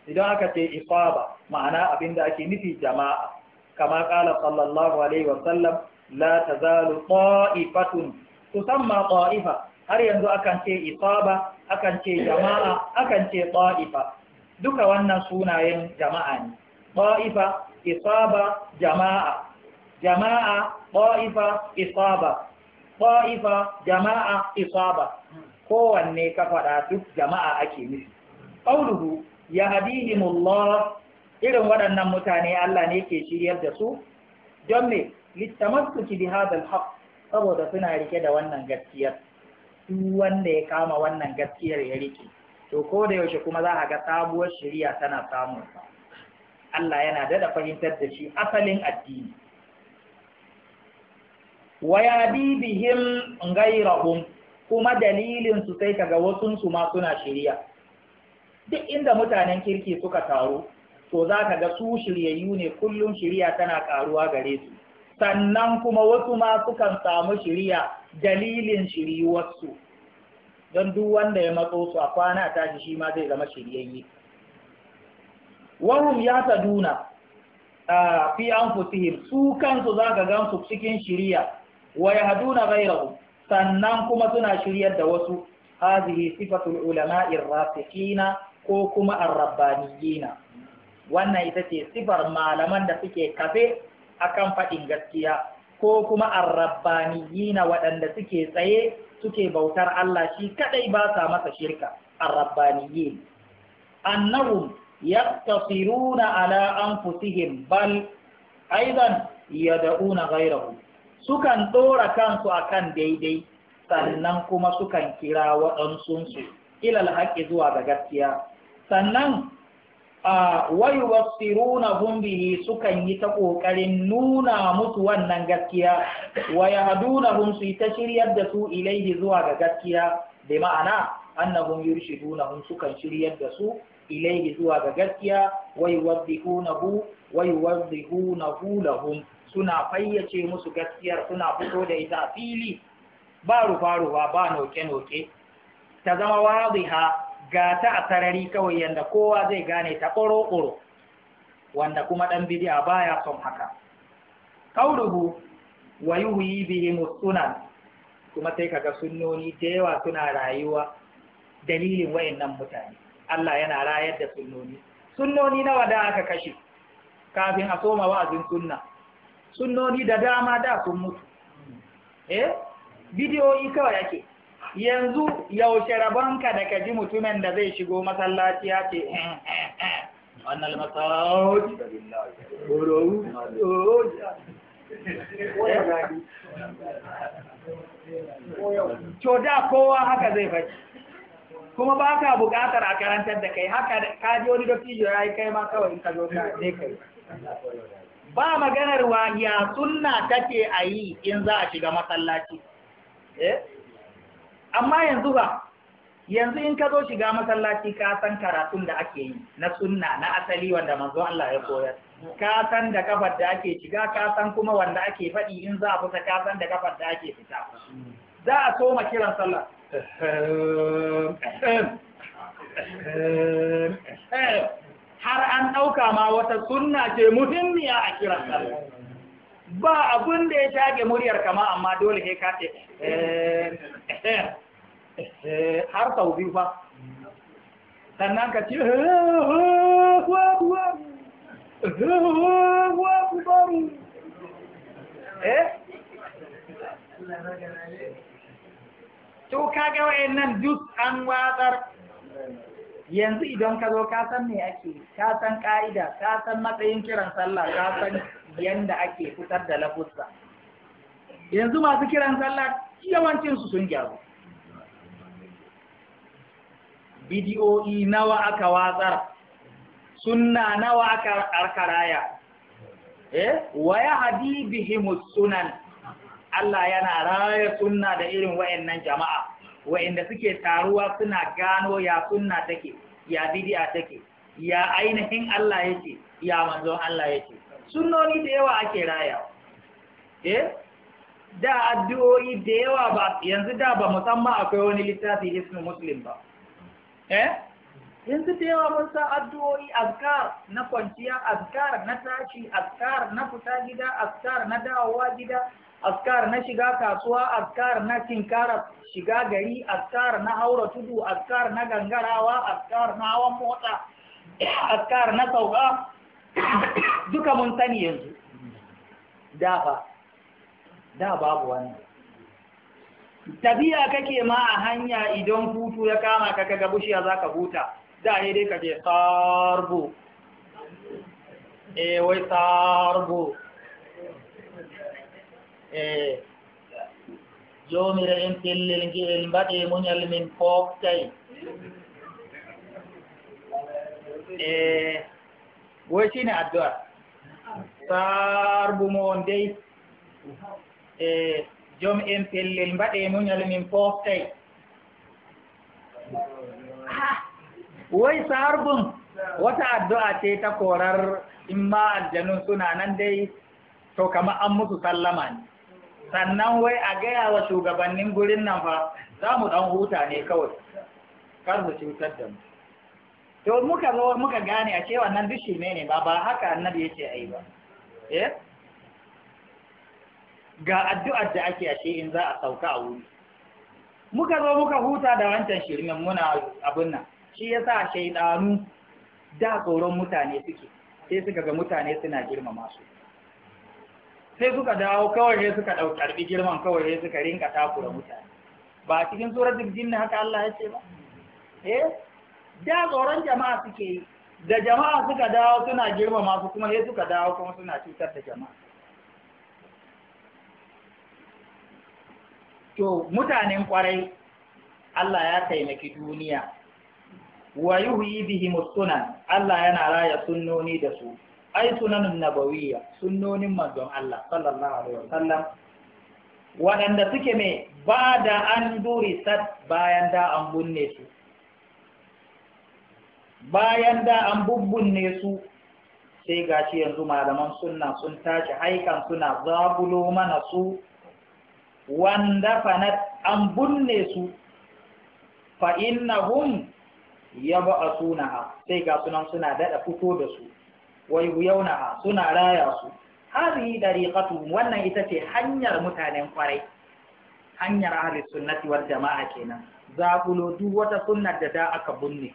idan aka ce isaba ma'ana abin da ake nufi jama'a kama ƙala sallallahu alaihi wa sallam la tazalu ta'ifatun tusamma ta'ifa har yanzu akan ce isaba akan ce jama'a akan ce ta'ifa duka wannan sunayen jama'a ne ta'ifa isaba jama'a jama'a ta'ifa isaba ta'ifa jama'a isaba kowanne ka faɗa duk jama'a ake nufi qauluhu yahdihimullah irin waɗannan mutane Allah ne ke shiryar da su don me ki bi hadal haq saboda suna rike da wannan gaskiyar Su wanda ya kama wannan gaskiyar ya rike to ko da yaushe kuma za a ga sabuwar shiriya tana samun sa Allah yana dada fahimtar da shi asalin addini wa bihim ghayrahum kuma dalilin su sai kaga wasun su ma suna shirya duk inda mutanen kirki suka taru to za ka ga su shiryayyu ne kullum shirya tana karuwa gare su sannan kuma wasu ma sukan samu shirya dalilin shiryuwarsu don duk wanda ya matso su a kwana tashi shi ma zai zama shiryayye wahum ya saduna a fi anfusihim su kansu za ka gansu cikin shirya wa haduna ghayrahum sannan kuma suna shiryar da wasu hazihi sifatul ulama'ir rafiqina ko kuma arrabbaniyina wannan ita ce sifar malaman da suke kafe akan faɗin gaskiya ko kuma arrabbaniyina waɗanda suke tsaye suke bautar Allah shi kadai ba sa masa shirka arrabbaniyin annahum yaqtasiruna ala anfusihim bal aidan yad'una gairahu sukan dora kansu akan daidai sannan kuma sukan kira waɗansunsu ilal haƙƙi zuwa ga gaskiya sannan wasu Runa bihi sukan yi ta ƙoƙarin nuna musu wannan gaskiya wa yahduna hum su ta shiryar da su ilaihi zuwa ga gaskiya bi ma'ana annahum yurshiduna hum sukan shiryar da su ilaihi zuwa ga gaskiya wai yuwaddihunahu wa yuwaddihunahu lahum suna fayyace musu gaskiyar suna fito da ita fili ba rufa rufa ba noke noke ta zama wadiha ga ta a sarari kawai yadda kowa zai gane ta ƙoro-ƙoro wanda kuma ɗan bidiya baya son haka ƙauruhu wa huyi bihi sunan kuma sai kaga sunnoni da yawa suna rayuwa dalilin wayannan mutane Allah yana rayar da sunnoni sunnoni nawa da aka kashe kafin a soma wa'azin sunna sunnoni da dama da sun mutu eh bidiyoyi kawai ake yanzu yaushe rabonka da kaji mutumin da zai shigo masallaci ya ce eh, eh, eh. wannan to da kowa haka zai faci kuma ba ka buƙatar a karantar da kai haka ka ji wani dattijo ya yi kai ma kawai in ka zo ka ne kai ba maganar wa ya sunna take a yi in za a shiga masallaci eh amma yanzu ba yanzu in ka zo shiga masallaci ka san karatun da ake yi na sunna na asali wanda manzo Allah ya koyar ka san da kafar da ake shiga ka san kuma wanda ake faɗi in za a fita ka san da kafar da ake fita za a soma kiran sallah har an ɗauka ma wata sunna ce muhimmiya a kiran sallah ba abin da ya shage muryar kama amma dole sai ka ce eh, eh, eh. Eh, har sau biyu fa sannan ka ce eh, eh, to kaga wayannan duk an watsar yanzu idan ka zo ka san me ake ka san ka'ida ka san matsayin kiran sallah ka san yanda ake fitar da lafuzza yanzu masu kiran sallah yawancinsu sun gyaru bidiyoyi nawa aka watsar sunna nawa aka arkaraya eh wa yahdi bihim sunan Allah yana raya sunna da irin wayannan jama'a wayanda suke taruwa suna gano ya sunna take ya bidiya take ya ainihin Allah yake ya manzon Allah yake sunnoni da yawa ake raya eh da addu'o'i da yawa ba yanzu da ba musamman akwai wani littafi ismu muslim ba In yanzu da yawa mun san addu'o'i azkar na kwanciya azkar na tashi azkar na fita gida azkar na dawowa gida azkar na shiga kasuwa azkar na kinkara shiga gari azkar na haura tudu azkar na gangarawa azkar na hawan motsa azkar na sauka duka mun sani yanzu da ba da babu wannan tafiya kake ma a hanya idan hutu ya kama ka kaga bushiya za ka huta da a dai ka je sarbo e wai sarbo eh jomire en pellel ngeel mbaɗe muñal min pooftay e eh. woytine addu'a sarbu mo on dey e eh. jom en pellel mbaɗe muñal min poftay wai bum wata addu'a ce ta korar in ma aljanun suna nan dai to kama an musu sallama ne sannan wai a gaya wa shugabannin gurin nan fa za mu ɗan huta ne kawai kar mu cutar da mu to muka zo muka gane a cewa nan duk shi ne ba ba haka annabi yake ai ba eh ga addu'ar da ake ashe in za a sauka a wuri muka zo muka huta da wancan shirmen muna abin nan shi ya yasa shaidanu da tsoron mutane suke sai suka ga mutane suna girmama su sai suka dawo kawai sai suka ɗau karbi girman kawai sai suka rinka takura mutane ba cikin tsoron suratul na haka Allah ya ce ba eh da tsoron jama'a suke yi da jama'a suka dawo suna girmama su kuma sai suka dawo kuma suna cutar da jama'a to mutanen kwarai Allah ya taimaki duniya wa yuhyi bihi sunan Allah yana raya sunnoni da su ai sunanun nabawiyya sunnonin manzon Allah sallallahu alaihi wasallam waɗanda suke mai ba da an sat bayan da an bunne su bayan da an bubbunne su sai gashi yanzu malaman sunna sun tashi haikan suna zabulo mana su wanda fanat an bunne su fa suna ha sai ga sunan suna daɗa fito da su wai ha suna raya su har yi dariqatu wannan ita ce hanyar mutanen kwarai hanyar ahli sunnati jama'a kenan zakulo duk wata sunnar da da aka bunne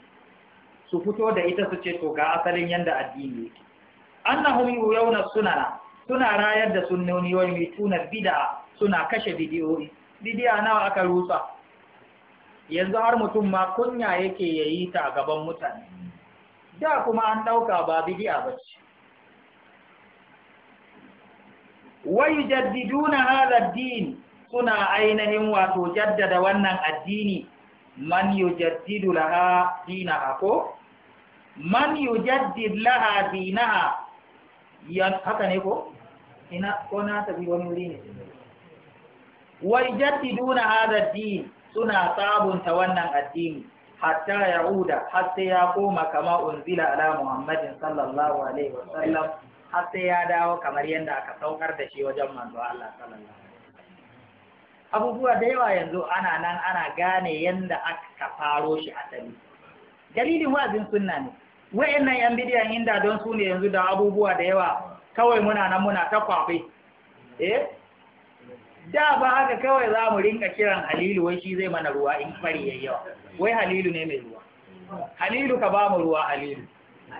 su fito da ita su ce to ga asalin yanda addini yake annahum yau sunana suna rayar da sunnoni mai tunar bid'a suna kashe bidiyoyi bidiya nawa aka rusa yanzu har mutum ma kunya yake yayi ta gaban mutane da kuma an ɗauka ba bidiya ba ce wai na hadha din suna ainihin wato jaddada wannan addini man jaddidu laha dinaha ko man yujaddid laha dinaha haka ne ko ina ko na tafi wani wuri ne wai duna hada din suna sabunta wannan addini hatta Yahuda, har sai ya koma kama unzila ala muhammadin sallallahu alaihi wa sallam har sai ya dawo kamar yadda aka saukar da shi wajen manzo Allah sallallahu alaihi abubuwa da yawa yanzu ana nan ana gane yadda aka faro shi asali dalilin wazin sunna ne wa'annan yan bidiyan inda don su ne yanzu da abubuwa da yawa kawai muna nan muna ta kwafe eh da ba haka kawai za mu rinka kiran halilu wai shi zai mana ruwa in fari ya yawa wai halilu ne mai ruwa halilu ka ba mu ruwa halilu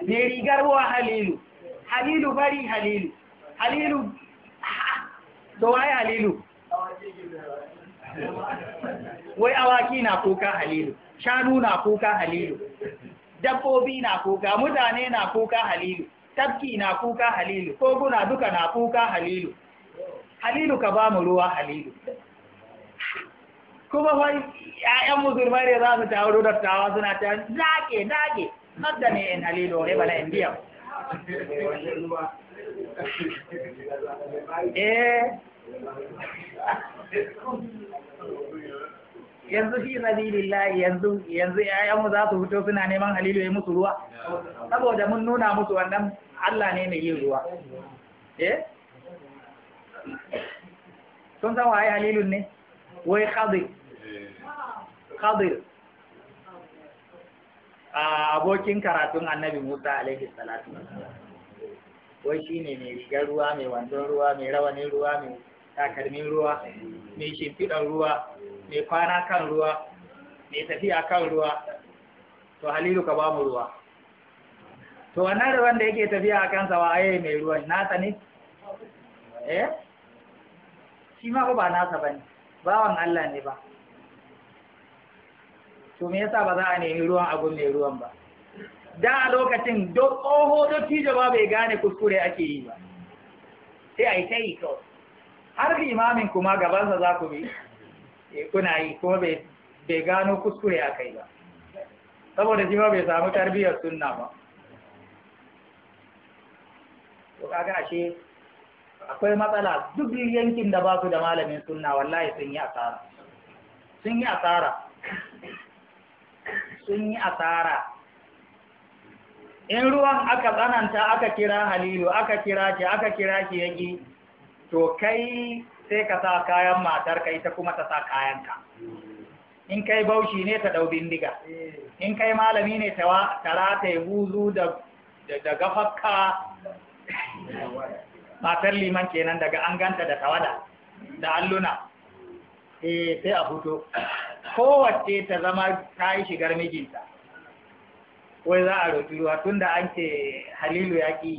ne rigar ruwa halilu halilu bari, halilu halilu to wai halilu wai awaki na kuka halilu shanu na kuka halilu dabbobi na kuka mutane na kuka halilu Tabki na kuka halilu koguna duka na kuka halilu halilu ka ba mu ruwa halilu kuma fa ƴaƴan musulmai ne za su tawo dattawa suna ta zage zage sadda ne in halilu ne bala in biya eh yanzu fi sabilillahi yanzu yanzu ƴaƴanmu za su fito suna neman halilu ya musu ruwa saboda mun nuna musu wannan Allah ne mai yin ruwa eh sun san waye halilun ne wai khadir khadir a abokin karatun annabi musa alaihi salatu wai shine mai rigar ruwa mai wandon ruwa mai rawanin ruwa mai takalmin ruwa mai shimfiɗan ruwa mai kwana kan ruwa mai tafiya kan ruwa to halilu ka bamu ruwa to wannan ruwan da yake tafiya a kansa wa aye mai ruwan nasa ne eh Shima ma ba nasa ba ne bawan Allah ne ba to me yasa ba za a nemi ruwan abun mai ruwan ba da a lokacin duk oho dottijo ba bai gane kuskure ake yi ba sai a yi ta yi kawai har imamin kuma gabansa za ku bi eh, kuna yi kuma bai gano kuskure a kai ba saboda shi ma bai samu tarbiyyar sunna ba to kaga ashe akwai matsala duk yankin da ba su da malamin sunna wallahi sun yi asara sun yi asara sun yi asara in ruwan aka tsananta aka kira halilu aka kira aka kira ki yaki to kai sai ka sa kayan matar ka ita kuma ta sa kayan ka. in kai baushi ne ta ɗau bindiga in kai malami ne ta rataye huzu da gafakka matar liman kenan daga an ganta da tawada da alluna eh sai a fito kowace ta zama ta yi shigar mijinta wai za a roƙi ruwa tun da an ce halilu ya ƙi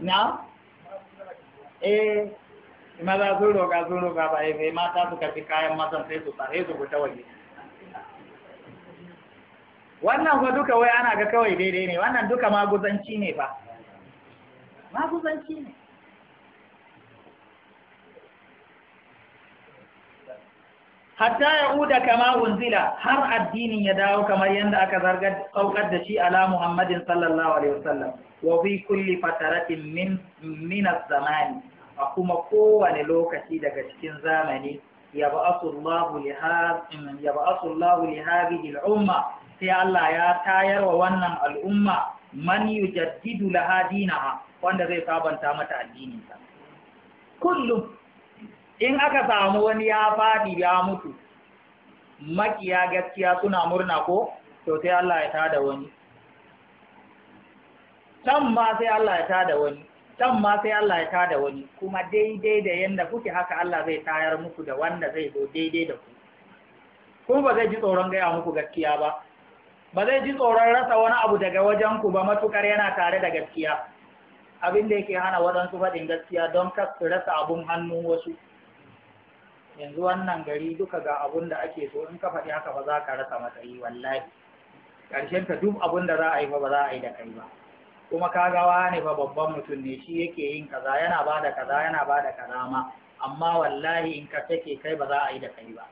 na eh maza sun roƙa sun roƙa ba ya mata su karfi kayan masan sai su tsare su fita waje wannan fa duka wai ana ga kawai daidai ne wannan duka maguzanci ne ba. ne hatta ya uda kama unzila har addinin ya dawo kamar yadda aka zargar saukar da shi ala muhammadin sallallahu alaihi wasallam wa fi kulli fataratin min min zamani a kuma kowane lokaci daga cikin zamani ya ba'asullahu li ya ba'asullahu li hadhihi al-umma sai Allah ya tayar wa wannan al'umma man yujaddidu laha dinaha wanda zai sabanta mata addininsa kullum in aka samu wani ya faɗi ya mutu makiya gaskiya suna murna ko to sai Allah ya tada wani can ma sai Allah ya tada wani can ma sai Allah ya tada wani kuma daidai da yanda kuke haka Allah zai tayar muku da wanda zai zo daidai da ku kuma ba zai ji tsoron gaya muku gaskiya ba ba zai ji tsoron rasa wani abu daga wajen ku ba matukar yana tare da gaskiya abin da yake hana waɗansu faɗin gaskiya don kar su rasa abun hannu wasu yanzu wannan gari duka ga abun da ake so in ka faɗi haka ba za ka rasa matsayi wallahi ƙarshen ka duk abun da za a yi ba, ba za a yi da kai ba kuma ka gawa ne ba babban mutum ne shi yake yin kaza yana bada kaza yana bada da kaza ma amma wallahi in ka sake kai ba za a yi da kai ba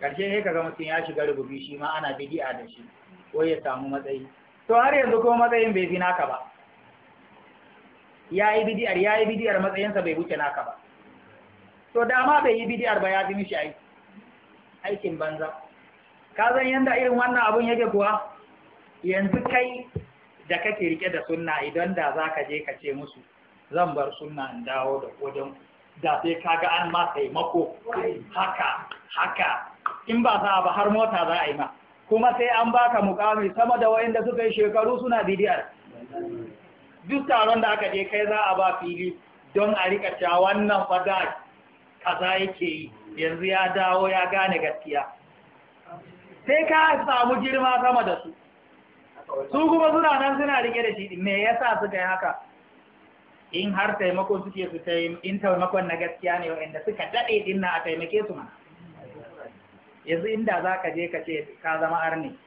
karshe ne ka ga mutum ya shiga rububi shi ma ana bidi'a da shi ko ya samu matsayi to har yanzu ko matsayin bai fi naka ba ya yi bidiyar ya yi bidiyar matsayinsa bai wuce naka ba to dama bai yi bidiyar ba ya fi mishi aiki aikin banza ka zan yanda irin wannan abun yake kuwa yanzu kai da kake rike da sunna idan da za ka je ka ce musu zan bar sunna in dawo da wajen da sai kaga an ma taimako haka haka in ba sa ba har mota za a yi ma kuma sai an baka mukami sama da wa'inda suka yi shekaru suna bidiyar duk taron da aka je kai za a ba fili don a rika cewa wannan fada kaza yake yi yanzu ya dawo ya gane gaskiya sai ka samu girma sama da su su kuma suna nan suna rike da shi me yasa suka yi haka in har taimakon suke su taimakon na gaskiya ne wa'inda suka daɗe dinna a taimake su mana yanzu inda za ka je ka ce ka zama arni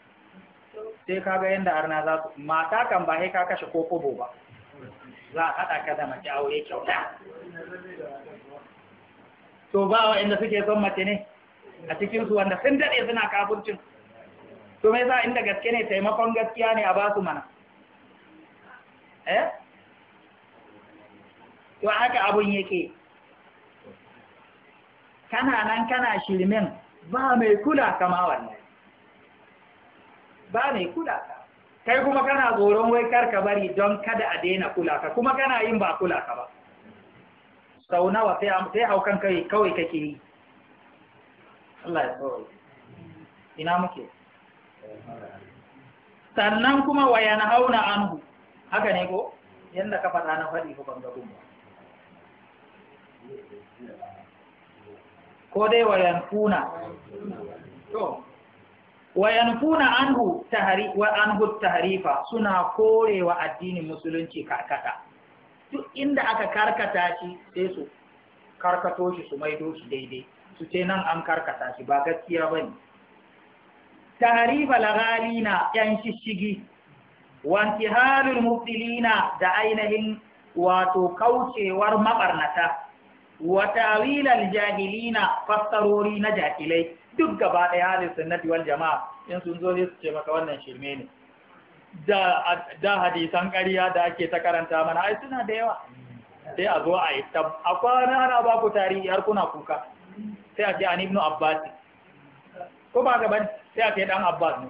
sai ka ga yadda arna za su mata kan ba ka kashe ko kobo ba za a haɗa ka da mace aure kyauta to ba wa inda suke son mace ne a cikinsu wanda sun daɗe suna kafurcin to mai sa inda gaske ne taimakon gaskiya ne a basu mana eh to haka abun yake kana nan kana shirmin ba mai kula kama wannan ba mai kula ka kai kuma kana tsoron wai kar ka bari don kada a daina kula ka kuma kana yin ba kula ka ba sau nawa sai haukan kai kawai kake yi Allah ya tsoro ina muke sannan kuma wa yana hauna anhu haka ne ko yadda ka faɗa na faɗi ko ban ga ba ko dai wayanfuna to wa anhu tahari wa anhu tahrifa suna korewa addinin musulunci karkata duk inda aka karkata shi sai su karkato shi su maido shi daidai su ce nan an karkata shi ba gaskiya bane tahrifa na yan shishigi wa halin mubtilina da ainihin wato kaucewar mabarnata wa ta'wilal jahilina fassarori na jahilai duk gaba ɗaya halin sunnati wal jama'a in sun zo su ce maka wannan shirme ne da da hadisan ƙarya da ake ta karanta mana ai suna da yawa sai a zo a yi ta akwai kwana ana ba ku tarihi har kuna kuka sai a ce an ibnu abbas ko ba gaban sai a ce dan abbas ne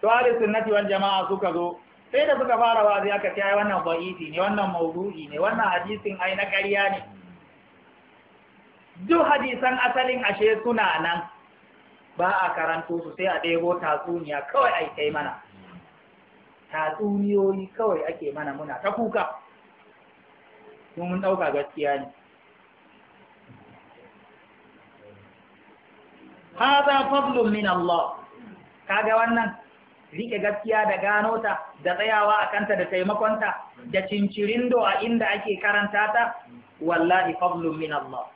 to ahli sunnati wal jama'a suka zo sai da suka fara wazi aka ce ai wannan da'ifi ne wannan mawdu'i ne wannan hadisin ai na ƙarya ne duk hadisan asalin ashe suna nan ba a karanto su sai a ɗebo tatsuniya kawai a kai mana tatsuniyoyi kawai ake mana muna ta kuka mun ɗauka gaskiya ne haza fadlun min Allah kaga wannan rike gaskiya da gano ta da tsayawa a kanta da taimakonta da cincirindo a inda ake karanta ta wallahi fadlun min Allah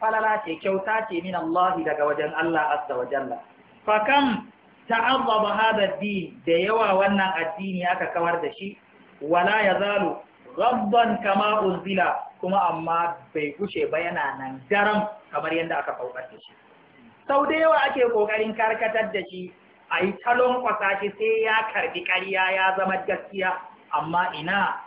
falala ce kyauta ce min Allah daga wajen Allah azza wa jalla fa kam ta'azzaba hada din da yawa wannan addini aka kawar da shi wala yazalu rabban kama unzila kuma amma bai gushe ba yana nan garam kamar yadda aka faukar da shi sau da yawa ake kokarin karkatar da shi a yi talon kwasa shi sai ya karbi ƙarya ya zama gaskiya amma ina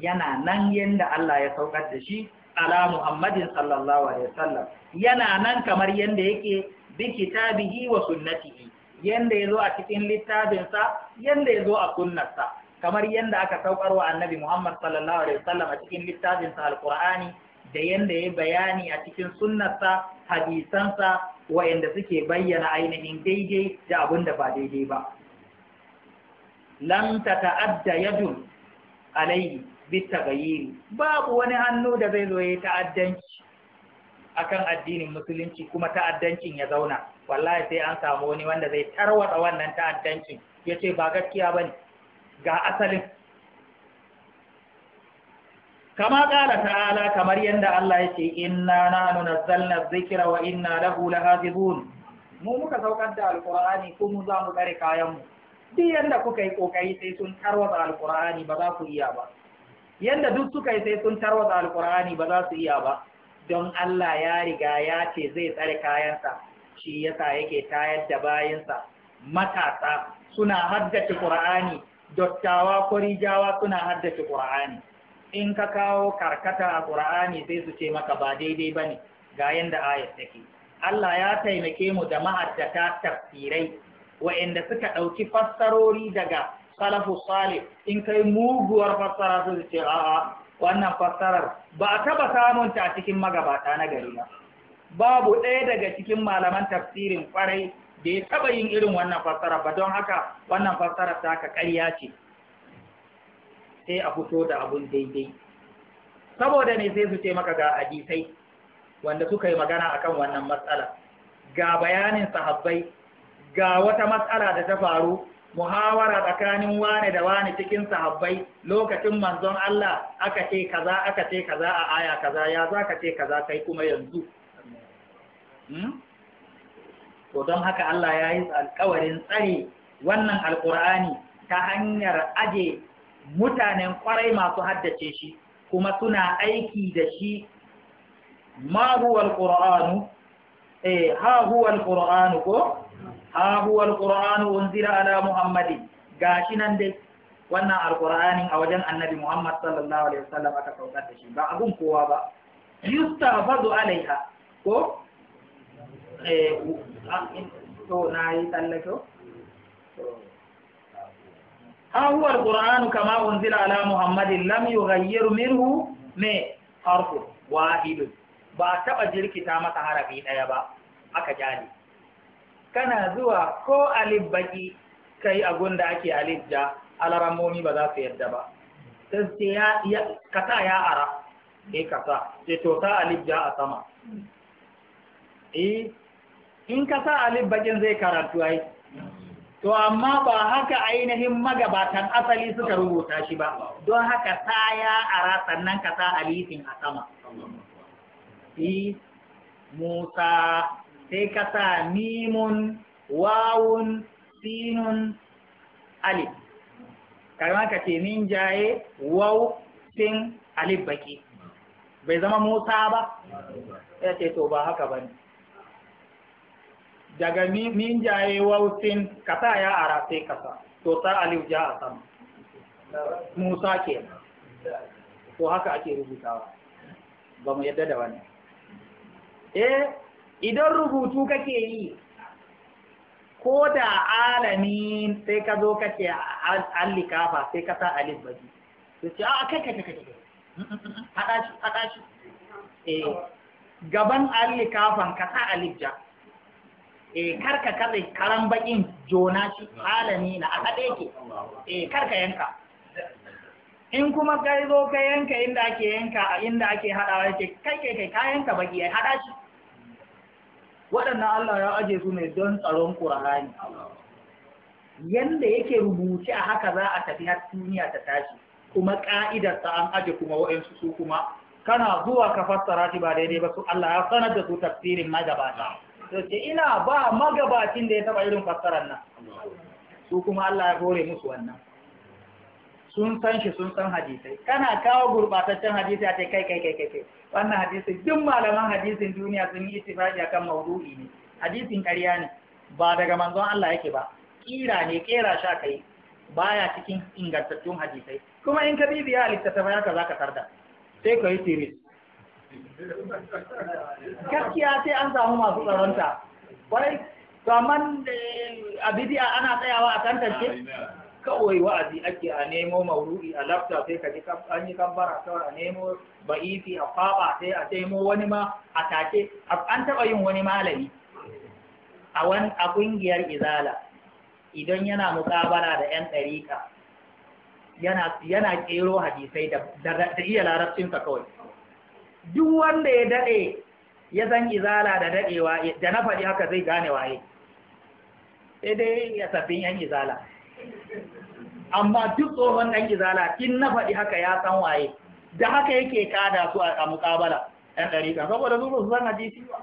yana nan yadda Allah ya saukar da shi ala Muhammadin sallallahu alaihi wasallam yana nan kamar yanda yake bi kitabihi wa sunnatihi yanda yazo a cikin littafin sa yanda yazo a sunnarsa kamar yanda aka saukar wa annabi Muhammad sallallahu alaihi wasallam a cikin littafin sa alqur'ani da yanda ya bayani a cikin sunnarsa hadisansa wa'anda suke bayyana ainihin daidai da abin da ba daidai ba lam tata'adda yadun alayhi Bitta babu wani hannu da zai zo ya ta'addanci akan addinin musulunci kuma ta'addancin ya zauna wallahi sai an samu wani wanda zai tarwatsa wannan ta'addancin yace ba gaskiya ba ne ga asalin kama ƙara ta'ala kamar yadda Allah yake inna nanu nazzalna dhikra wa inna lahu lahafizun mu muka saukar da alqur'ani ko mu za mu kare kayan mu duk yadda kuka yi kokari sai sun tarwatsa alqur'ani ba za ku iya ba Yadda duk suka yi sai sun tarwatsa alkur'ani ba za su iya ba don Allah ya riga ya ce zai tsare kayansa shi yasa yake tayar da bayansa matasa suna haddace qur'ani dottawa ko rijawa suna haddace qur'ani in ka kawo karkata a qur'ani sai su ce maka ba daidai bane ga yanda ayat take Allah ya taimake mu da ma'addata tafsirai wa'anda suka ɗauki fassarori daga salafu salih in kai muguwar fassara su ce a'a wannan fassarar ba a taba samun ta cikin magabata na gari ba babu ɗaya daga cikin malaman tafsirin kwarai da ya taba yin irin wannan fassara ba don haka wannan fassarar ta ka ƙarya ce sai a fito da abun daidai saboda ne sai su ce maka ga hadisai wanda suka yi magana akan wannan matsala ga bayanin sahabbai ga wata matsala da ta faru muhawara tsakanin wane da wane cikin sahabbai lokacin manzon Allah aka ce kaza aka ce kaza a aya kaza ya za ka ce kaza kai kuma yanzu hmm? to don haka Allah ya yi alkawarin tsare wannan alkur'ani ta hanyar aje mutanen kwarai masu haddace shi kuma suna aiki da shi ma huwa alqur'anu eh ha huwa alqur'anu ko ha huwa alqur'anu unzila ala muhammadin gashi nan dai wannan alqur'anin a wajen annabi muhammad sallallahu alaihi wasallam aka saukar da shi ba abun kowa ba yustafadu alaiha ko eh to na yi tsallako ha huwa alqur'anu kama unzila ala muhammadin lam yughayyir minhu me harfu wahid ba taba jirkita masa harafi daya ba aka jali kana zuwa ko alif baki kai abun da ake alif ja alaramomi ba za su yadda ba sai ce ya kata ya ara eh kata ce to ta alif ja a sama eh in kata alif bakin zai karatu ai to amma ba haka ainihin magabatan asali suka rubuta shi ba don haka ta ya ara sannan kata alifin a sama eh, Musa sai ka sa mimun wawun sinun alif karma ka ce min jaye waw sin alif baki bai zama musa ba ya ce to ba haka ba ne daga min jaye waw sin ka sa ya ara sai ka sa to sa alif ja a sama musa ke ko haka ake rubutawa ba mu yadda da wani eh idan rubutu kake yi ko da alamin sai ka zo kace allikafa sai ka sa alif baki to ce a kai kai kai mm, mm, mm, hada shi hada shi eh gaban allikafan ka sa alif ja eh kar ka kare karan bakin jona shi alami na a hade yake eh kar ka yanka in kuma kai zo ka yanka inda ake yanka inda ake hadawa yake kai kai kai ka yanka baki ai hada shi waɗannan Allah ya aje su ne don tsaron ƙur'ani yanda yake rubuce a haka za a tafi har duniya ta tashi kuma ƙa'idar ta an aje kuma wa'ansu su kuma kana zuwa ka fassara shi ba daidai ba su Allah ya sanar da su tafsirin magabata to ce ina ba magabacin da ya taɓa irin fassarar nan su kuma Allah ya hore musu wannan sun san shi sun san hadisai kana kawo gurbataccen hadisi a kai kai kai kai kai wannan hadisi duk malaman hadisin duniya sun yi ittifaqi akan maudu'i ne hadisin ƙarya ne ba daga manzon Allah yake ba kira ne kera sha kai baya cikin ingantattun hadisai kuma in ka bibiya littattafai ka zaka tarda sai ka yi series gaskiya sai an samu masu tsaronta kwarai to amma eh, a bidiya ana tsayawa a tantance kawai wa'azi ake a nemo maurudi a lafta sai ka ji an yi kambara kawai a nemo ba'ifi a faba sai a nemo wani ma a take an taɓa yin wani malami a wani a ƙungiyar izala idan yana muƙabala da 'yan ɗarika, yana ƙero hadisai da iya larabcinsa kawai duk wanda ya daɗe ya san izala da daɗewa da na faɗi haka zai gane waye sai dai ya sabbin 'yan izala amma duk tsohon ɗan izala in na faɗi haka ya san waye da haka yake kada su a muƙabala ɗan ɗariƙa saboda su su san hadisi ba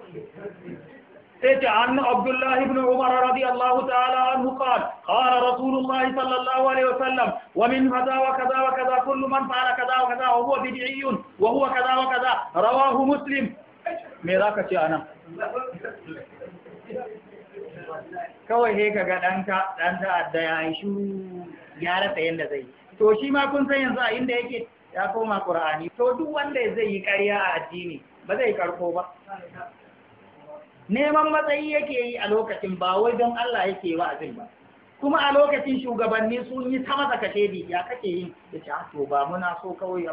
sai ce an abdullahi ibn umar radiyallahu ta'ala anhu qal qala rasulullahi sallallahu alaihi wasallam wa min kaza wa kaza wa kaza kullu man fa'ala kaza wa kaza wa huwa bid'iyyun wa huwa kaza wa kaza rawahu muslim me za ka ce anan kawai sai ka ga ɗanka ɗan ta'adda ya yi shuru ya rasa yadda zai yi to shi ma kun san yanzu a inda yake ya koma ƙur'ani to duk wanda zai yi ƙarya a addini ba zai karko ba neman matsayi yake yi a lokacin ba wai don Allah yake wa azin ba kuma a lokacin shugabanni sun yi ta masa bi ya kake yin ya ce ah, to ba muna so kawai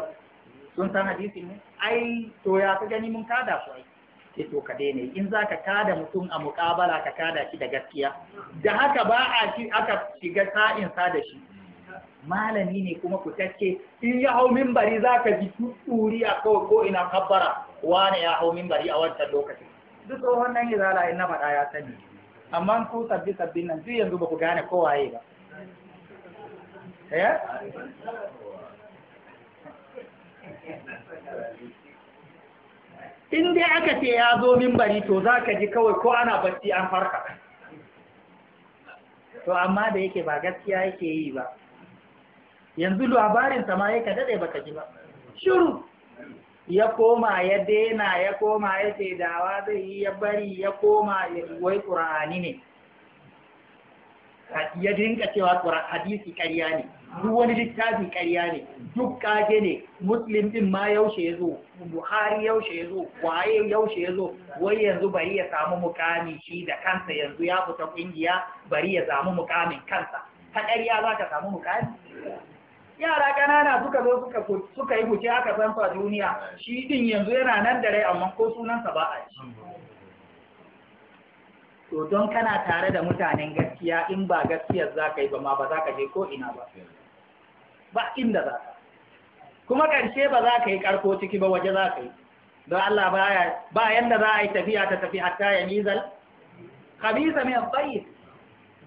sun san hadisi ne ai to ya ka gani mun kada su ai sai to ka daina in zaka tada kada mutum a muƙabala ka kada shi da gaskiya da haka ba a aka shiga sa'in sa da shi malami ne kuma fitacce in ya hau mimbari za ka ji tuturi a kawai ko ina kabbara wani ya hau mimbari a wancan lokacin duk tsohon nan ya zala na faɗa ya sani amma ku sabbi sabbin nan duk yanzu ba ku gane kowaye ba eh in dai aka ce ya zo mimbari to za ka ji kawai ko ana bacci an farka to amma da yake ba gaskiya yake yi ba yanzu labarinsa ma yake daɗe baka ji ba shiru ya koma ya dena ya koma ya ce dawa zai yi ya bari ya koma wai ƙura'ani ne ya dinka cewa hadisi ƙarya ne duk wani littafi ƙarya ne duk kage ne muslim din ma yaushe ya zo buhari yaushe ya zo waye yaushe ya zo wai yanzu bari ya samu mukami shi da kansa yanzu ya fita ƙungiya bari ya samu mukamin kansa ta ƙarya za ka samu mukami yara ƙanana suka zo suka suka yi huce aka san fa duniya shi din yanzu yana nan da rai amma ko sunansa ba a ci to don kana tare da mutanen gaskiya in ba gaskiyar za ka yi ba ma ba za ka je ko ina ba ba inda za ka kuma ƙarshe ba za ka yi ƙarko ciki ba waje za ka yi don Allah ba yadda za a yi tafiya ta tafi hatta ya nizal khabisa mai bayyin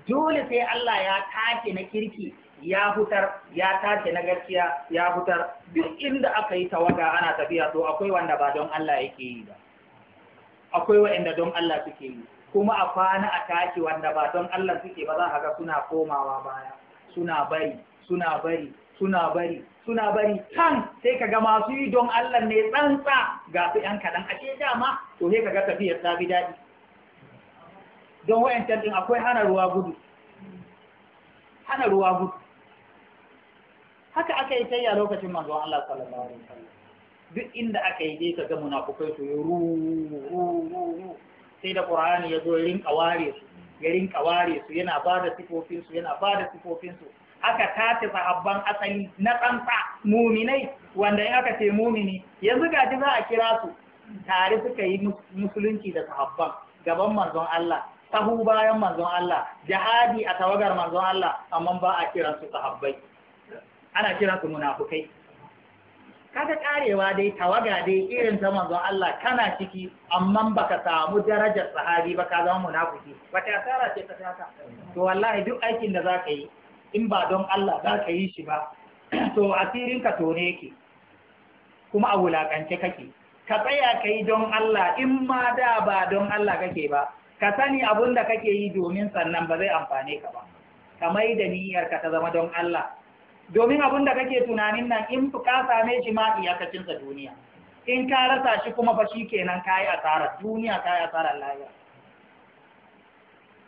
dole sai Allah ya tace na kirki ya hutar ya tace na gaskiya ya hutar duk inda aka yi tawaga ana tafiya to akwai wanda ba don Allah yake yi ba akwai waɗanda don Allah suke yi kuma a kwana a tashi wanda ba don Allah suke ba za a ga suna komawa baya suna bari suna bari suna bari suna bari kan sai ka ga masu yi don Allah ne tsantsa ga su ‘yan kaɗan ce dama to sai ka ga tafiyar ta bi daɗi don wa'yancan ɗin akwai hana ruwa gudu hana ruwa gudu haka aka yi tayya lokacin manzo Allah sallallahu alaihi wasallam duk inda aka yi dai ka ga munafukai su ru ru ru sai da Qur'ani ya zo ya rinka ware su ya rinka ware su yana ba da sifofin su yana ba sifofin su aka tace sahabban asali na tsantsa muminai wanda in aka ce mumini yanzu ga ji za a kira su tare suka yi musulunci da sahabban gaban manzon Allah sahu bayan manzon Allah jihadi a tawagar manzon Allah amma ba a kiran su sahabbai ana kiran su munafukai Kada karewa dai tawaga dai irin ta manzon Allah kana ciki amma baka samu darajar sahabi ba ka zama munafiki wata asara ce ta saka to wallahi duk aikin da zaka yi in ba don Allah za ka yi shi ba to asirin ka tone ke, kuma a wulakance kake ka tsaya ka yi don Allah in ma da ba don Allah kake ba ka sani abin da kake yi domin sannan ba zai amfane ka ba ka mai da niyyar ka ta zama don Allah domin abin da kake tunanin nan in ka same shi ma iyakacinsa duniya in ka rasa shi kuma ba shi kenan ka yi asarar duniya ka yi asarar lahira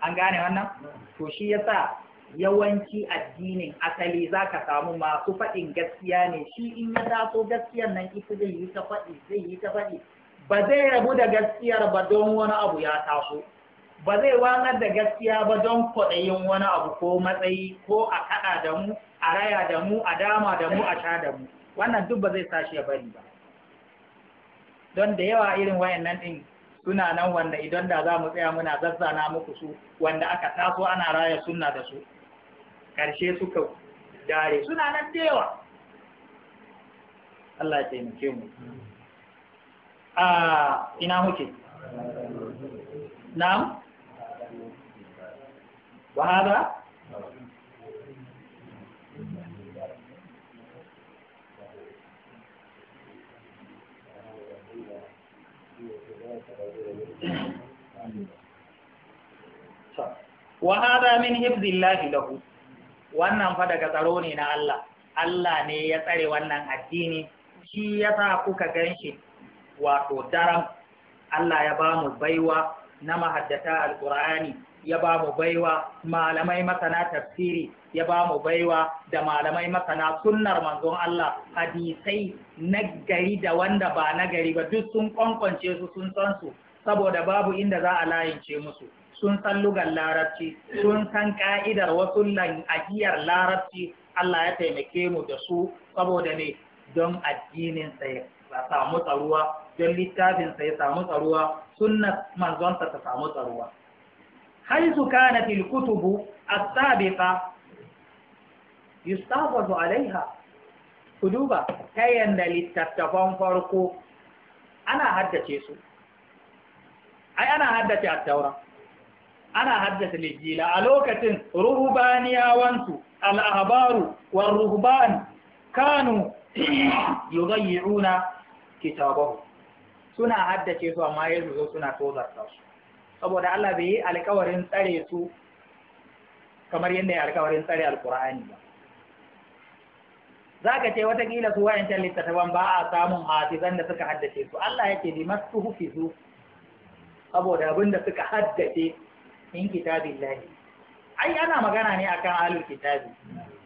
an gane wannan to shi yasa yawanci addinin asali za ka samu masu faɗin gaskiya ne shi in ya taso gaskiyar nan ita zai yi ta faɗi zai yi ta faɗi ba zai rabu da gaskiyar ba don wani abu ya taso ba zai wanar da gaskiya ba don kwaɗayin wani abu ko matsayi ko a kaɗa da mu a raya da mu a dama da mu a sha da mu wannan duk ba zai sashi ya bari ba don da yawa irin wayannan ɗin suna nan wanda idan da za mu tsaya muna zazzana muku su wanda aka taso ana raya sunna da su karshe suka dare suna nan da yawa Allah ya taimake mu a ina muke na'am wa hada وهذا من حفظ الله له wannan fa daga tsaro ne na Allah Allah ne ya tsare wannan addini shi ya sa kuka gan shi wato daram Allah ya ba mu baiwa na mahaddata alqur'ani ya ba mu baiwa malamai masana tafsiri ya ba mu baiwa da malamai masana sunnar manzon Allah hadisai nagari, da wanda ba na gari ba duk sun kwankwance su sun san su saboda babu inda za a layince musu sun san lugar larabci sun san ka'idar wasu ajiyar larabci Allah ya taimake mu da su saboda ne don addinin ya samu tsaruwa don littafin ya samu tsaruwa sunnar manzonsa ta samu tsaruwa haisu kanat al-kutubu as-sabiqa yustafazu alaiha ku duba ta yanda littattafan farko ana haddace su ai ana haddace a taura ana haddasa lijila a lokacin ruhubaniyawansu al'abaru wa ruhuban kanu yughayyi'una kitabahu suna haddace su amma yanzu zo suna ta su saboda Allah bai yi alkawarin tsare su kamar yadda ya alkawarin tsare alkur'ani ba za ka ce watakila su wayancan littattafan ba a samun hafizan da suka haddace su Allah yake ce bi masu hufizu saboda abin da suka haddace min lahi ai ana magana ne akan ahlul kitabi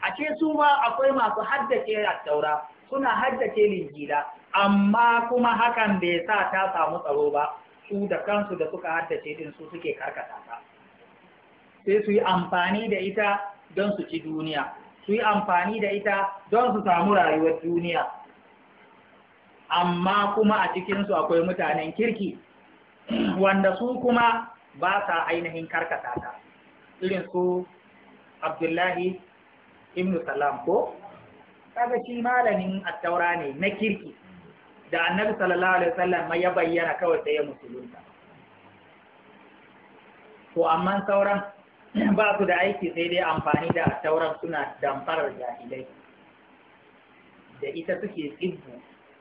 a ce su ma akwai masu haddace taura suna haddace linjila amma kuma hakan bai sa ta samu tsaro ba su da kansu da suka haddace din su suke karkata ta sai su yi amfani da ita don su ci duniya su yi amfani da ita don su samu rayuwar duniya amma kuma a cikinsu akwai mutanen kirki wanda su kuma ba sa ainihin karkata ta irin su abdullahi ibn salam ko kaga shi malamin attaura ne na kirki da annabi sallallahu alaihi wasallam ya bayyana kawai sai musulunta to amma sauran ba su da aiki sai dai amfani da attauran suna damfarar jahilai da ita suke tsibbu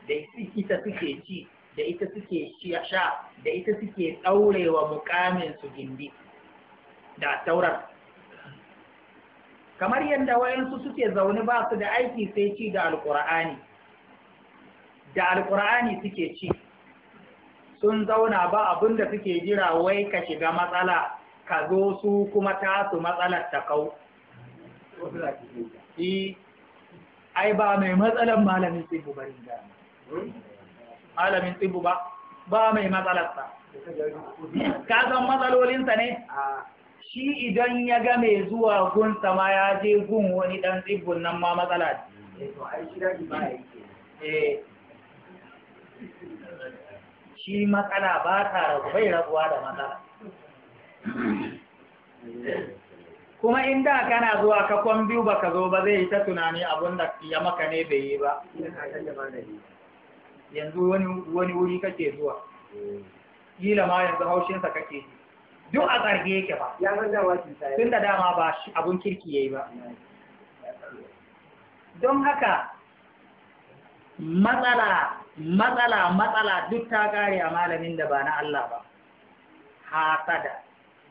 da ita suke ci da ita suke sha da ita suke ɗaurewa mukamin su gindi da taurar kamar yadda wayansu suke zaune ba su da aiki sai ci da alkur'ani da alkur'ani suke ci sun zauna ba abin suke jira wai ka shiga matsala ka zo su kuma tasu matsalar ta kau eh, ai ba mai matsalar malamin sai bubarin gama malamin tsibu ba ba mai matsalarsa ka san matsalolinsa ne shi idan ya ga mai zuwa gunsa ma ya je gun wani dan tsibun nan ma matsala ce eh, eh. shi matsala ba ta bai rabuwa da matsala kuma in da kana zuwa ka kwan biyu baka zo ba zai yi ta tunani abin da ya maka ne bai yi ba yanzu wani wuri kake zuwa kila ma yanzu haushinsa kake yi. duk a tsarge yake ba tun da dama ba abun kirki ya yi ba don haka matsala matsala matsala duk ta kare a malamin da ba na Allah ba hasada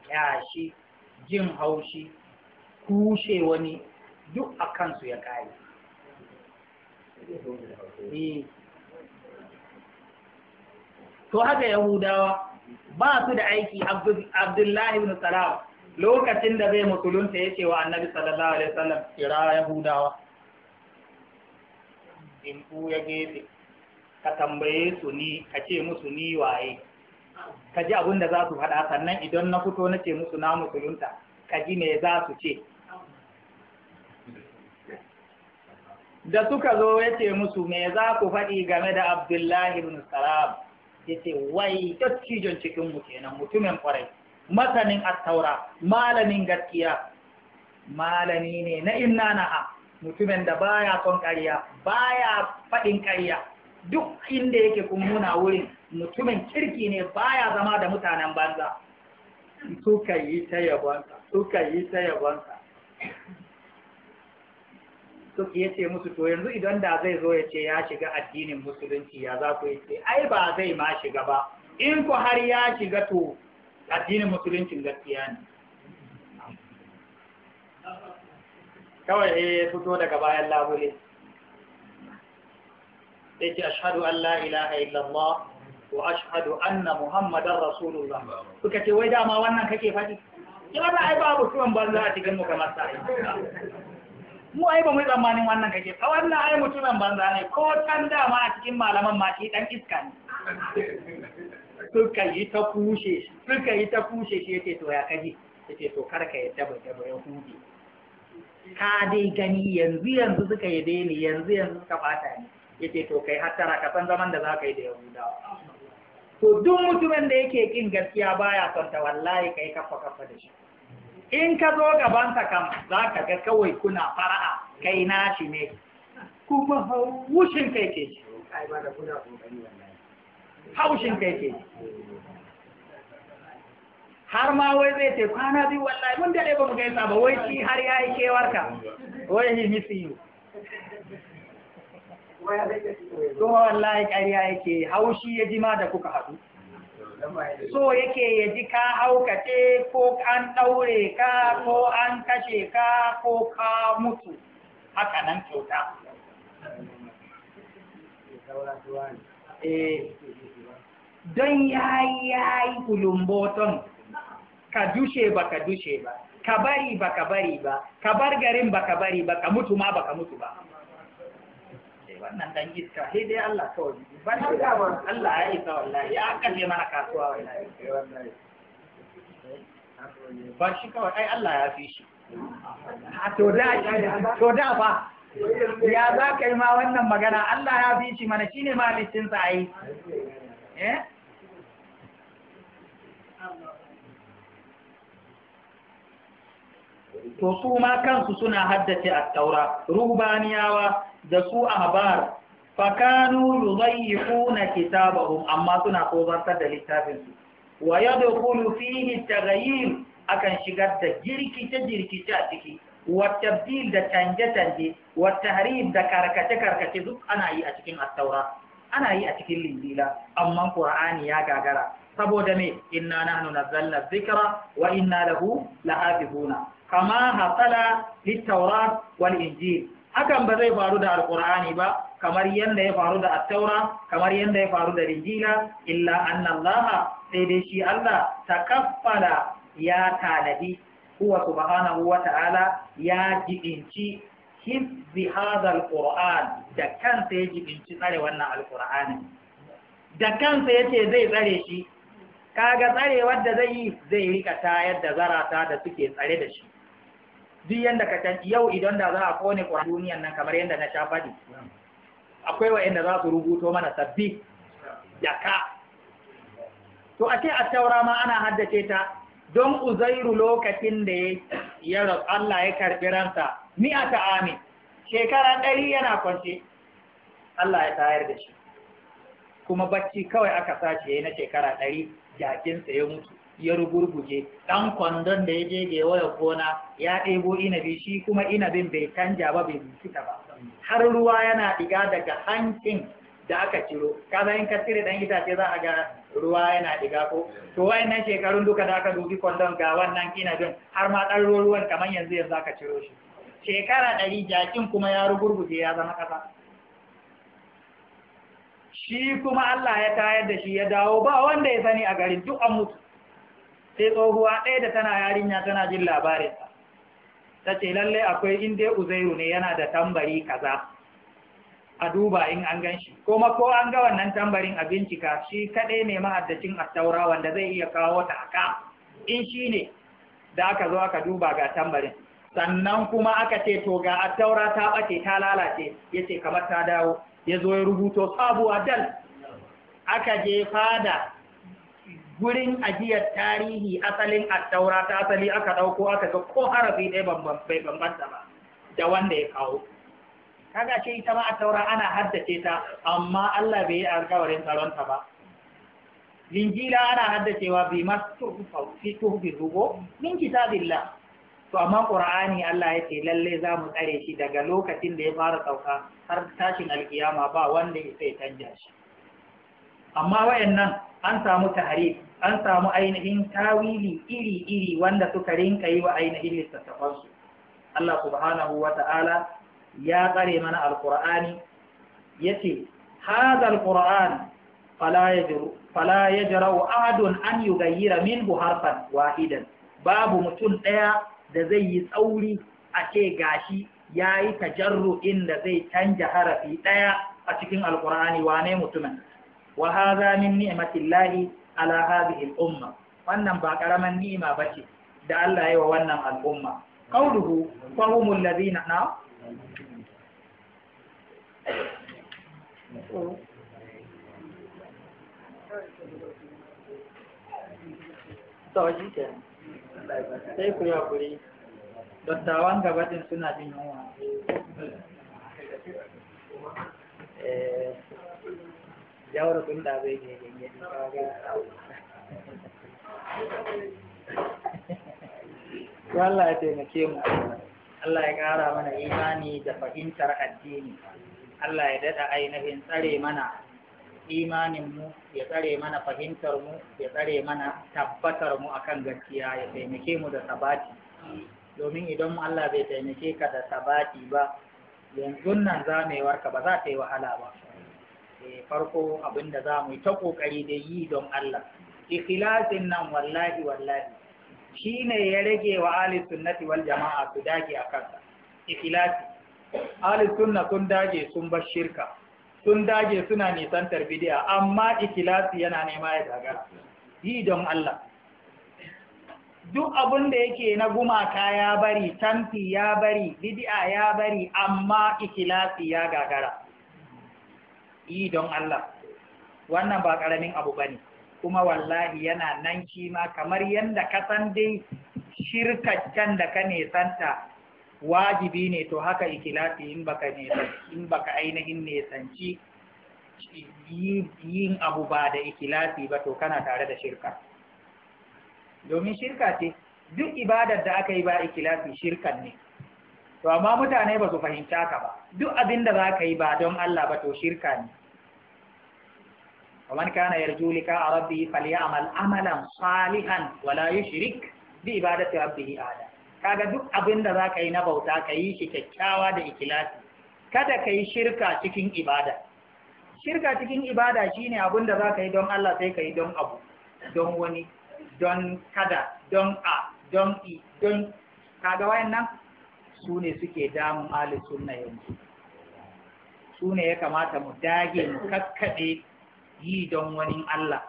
kyashi jin haushi kushe wani duk a kansu ya kare eh. to haka yahudawa ba su da aiki abdullahi bin salam lokacin da zai musulunta ya ce wa annabi sallallahu alaihi wasallam kira yahudawa in ku ya gefe ka tambaye su ni ka ce musu ni waye ka ji abin da za su faɗa sannan idan na fito na ce musu na musulunta ka ji me za su ce da suka zo ya ce musu me za ku faɗi game da abdullahi bin salam yace wai dattijon cikin mu kenan mutumin kwarai masanin attaura malamin gaskiya malami ne na inna ha mutumin da baya son ƙarya baya faɗin ƙarya duk inda yake kun muna wurin mutumin kirki ne baya zama da mutanen banza suka yi ta yabonsa suka yi ta yabonsa ya ce musu to yanzu idan da zai zo ya ce ya shiga addinin musulunci ya za ku ce ai ba zai ma shiga ba in ku har ya shiga to addinin musuluncin gaskiya ne kawai eh fito daga bayan labule sai ce ashhadu an la ilaha illallah wa ashhadu anna muhammadar rasulullah suka ce wai dama wannan kake faɗi ki ba ai babu tuwon banza a cikin mu kamar sa'i mu ai ba mu tsammanin wannan kake a wannan ai mutumin banza ne ko can dama a cikin malaman ma shi dan iska ne suka yi ta kushe suka yi ta kushe shi yake to ya kaji yake to kar ka yadda ba da ya huje ka dai gani yanzu yanzu suka yi daini yanzu yanzu suka bata ni yake to kai hattara ka san zaman da za ka yi da yahudawa to duk mutumin da yake kin gaskiya baya son ta wallahi kai kafa kafa da shi in ka zo gabanta kam za ka ga kawai kuna fara'a kai na shi ne kuma haushin kai ke haushin kai ke har ma wai zai ce kwana biyu wallahi mun daɗe ba mu gaisa ba wai shi har ya yi ka wai he miss yi to wallahi ƙarya yake haushi ya jima da kuka haɗu so yake ya ji ka haukace ko an ɗaure ka ko an kashe ka ko ka mutu haka nan kyauta eh, don yayi yi ya yi kulumboton ka dushe ba ka dushe ba ka bari ba ka bari ba ka bar garin ba ka bari ba ka mutu ma ba ka mutu ba wannan dan iska sai dai Allah kawai ban Allah ya isa wallahi ya kalle mana kasuwa wallahi ba shi kawai ai Allah ya fi shi to da to da fa ya za ka yi ma wannan magana Allah ya fi shi mana shine malicin sa ai eh? to su ma kansu suna haddace a taura rubaniyawa da su ahbar fakanu na kitabahu amma suna kozartar da littafinsu su wa yadkhulu fihi taghayyir akan shigar da girkice-girkice a ciki wa tabdil da canje canje wa tahrif da karkace karkace duk ana yi a cikin at-taura ana yi a cikin linjila amma qur'ani ya gagara saboda me inna nahnu nazzalna dhikra wa inna lahu lahafizuna kama hasala lit-taurat wal injil hakan ba zai faru da alqur'ani ba kamar yanda ya faru da Attaura, kamar yanda ya faru da injila illa anna Allah sai dai shi Allah takaffala ya tanadi huwa subhanahu wa ta'ala ya jibinci hizzi hada alqur'an da kansa ya jibinci tsare wannan alkur'ani da kansa yace zai tsare shi kaga tsare da zai yi zai rika tayar da zarata da suke tsare da shi duk yanda ka can yau idan da za a kone kwa duniyan nan kamar yanda na sha faɗi akwai yanda za su rubuto mana sabbi ka to a ce a taura ma ana haddace ta don uzairu lokacin da ya rasu Allah ya karɓi ransa ta amin shekara ɗari yana kwance Allah ya tayar da shi kuma bacci kawai aka sace na shekara ɗari jakinsa ya mutu ya rugurguje ɗan kwandon da ya je waya gona ya ɗebo inabi shi kuma inabin bai canja ba bai fita ba har ruwa yana ɗiga daga hancin da aka ciro kaza in ka cire ɗan itace za a ga ruwa yana ɗiga ko to wayannan shekarun duka da aka dubi kwandon ga wannan inabin har ma ɗan ruwan kamar yanzu yanzu aka ciro shi shekara ɗari jakin kuma ya rugurguje ya zama ƙasa shi kuma Allah ya tayar da shi ya dawo ba wanda ya sani a garin duk an mutu sai tsohuwa ɗaya da tana yarinya tana jin labarinsa ta ce lalle akwai inda uzairu ne yana da tambari kaza a duba in an gan shi kuma ko an ga wannan tambarin a bincika shi kaɗai ne mahaddacin attaura wanda zai iya kawo ta aka in shi ne da aka zo aka duba ga tambarin sannan kuma aka ce to ga attaura ta ɓace ta lalace ya ce kamar ta dawo ya zo ya rubuto sabuwa dal aka je fada gurin ajiyar tarihi asalin attaura ta asali aka ɗauko aka ga ko harafi ɗaya bai bambanta ba da wanda ya kawo kaga ce ita ma attaura ana haddace ta amma Allah bai yi alkawarin tsaronta ba linjila ana haddacewa bi mastufi rubo min dilla. to amma qur'ani Allah ya ce lalle za mu tsare shi daga lokacin da ya fara sauka har tashin alkiyama ba wanda ya sai canja shi amma wayannan an samu tahrif an samu ainihin tawili iri-iri wanda suka rinka yi wa ainihin littattafansu Allah subhanahu wa ta'ala ya tsare mana alqur'ani yace hadha alqur'an fala yajru fala yajra'u ahadun an yughayyira minhu buharfan wahidan babu mutum ɗaya da zai yi tsauri a ce gashi yayi tajarru inda zai canja harafi ɗaya a cikin alqur'ani wane mutumin wa hadha min ni'matillahi ala hadhihi al-umma wannan ba karaman ni'ima bace da Allah ya yi wa wannan al'umma qawluhu fa humul ladina na Sauji ku yi hakuri, dattawan gabatin suna yawar sun da ne ganye ne Allah ya taimake mu Allah ya ƙara mana imani da fahimtar addini Allah ya dada ainihin tsare mana imaninmu ya tsare mana fahimtarmu ya tsare mana tabbatar mu akan gaskiya ya taimake mu da sabati domin idan Allah bai taimake ka da sabati ba yanzu nan zamewar ka ba za ta yi wahala ba Eh, farko abin da za mu yi ta kokari da yi don Allah ikhlasin nan wallahi wallahi shine ya rage wa ahli sunnati wal jama'a su dage a kansa ikhlasi ahli sunna sun dage sun bar shirka sun dage suna nisantar bid'a amma ikhlasi yana nema ya gagara. yi don Allah duk abin da yake na gumaka ya bari tamfi ya bari bid'a ya bari amma ikhlasi ya gagara yi don Allah wannan ba ƙaramin abu ba ne kuma wallahi yana nan shi kamar yadda ka san dai shirkaccen da ka nesanta wajibi ne to haka ikilafi in baka in baka ainihin nesanci yin abu ba da ikilafi ba to kana tare da shirka domin shirka ce duk ibadar da aka yi ba ikilafi shirkan ne to amma mutane ba su fahimta ka ba duk abin da za ka yi ba don Allah ba to shirka ne ومن كان يرجو لقاء ربه فليعمل عملا صالحا ولا يشرك بعبادة ربه أحدا kaga duk abin da za ka yi na bauta ka yi shi kyakkyawa da ikilasi kada ka yi shirka cikin ibada shirka cikin ibada shine abin da za ka yi don Allah sai ka yi don abu don wani don kada don a don i don kaga wayannan su ne suke damun ahli sunna yanzu su ne ya kamata mu dage mu kakkaɗe yi don wani Allah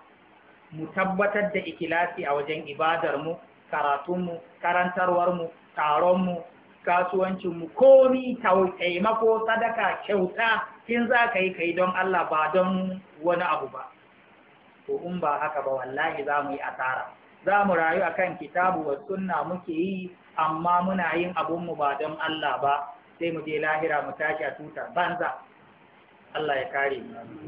mu tabbatar da ikilasi a wajen ibadarmu karatunmu karantarwarmu taronmu kasuwancinmu komi taimako sadaka kyauta Kin za ka yi ka yi don Allah ba don wani abu ba to in ba haka ba wallahi za mu yi asara za mu rayu a kan kitabu wa sunna muke yi amma muna yin abunmu ba don Allah ba sai mu je lahira mu tashi a tutar banza Allah ya kare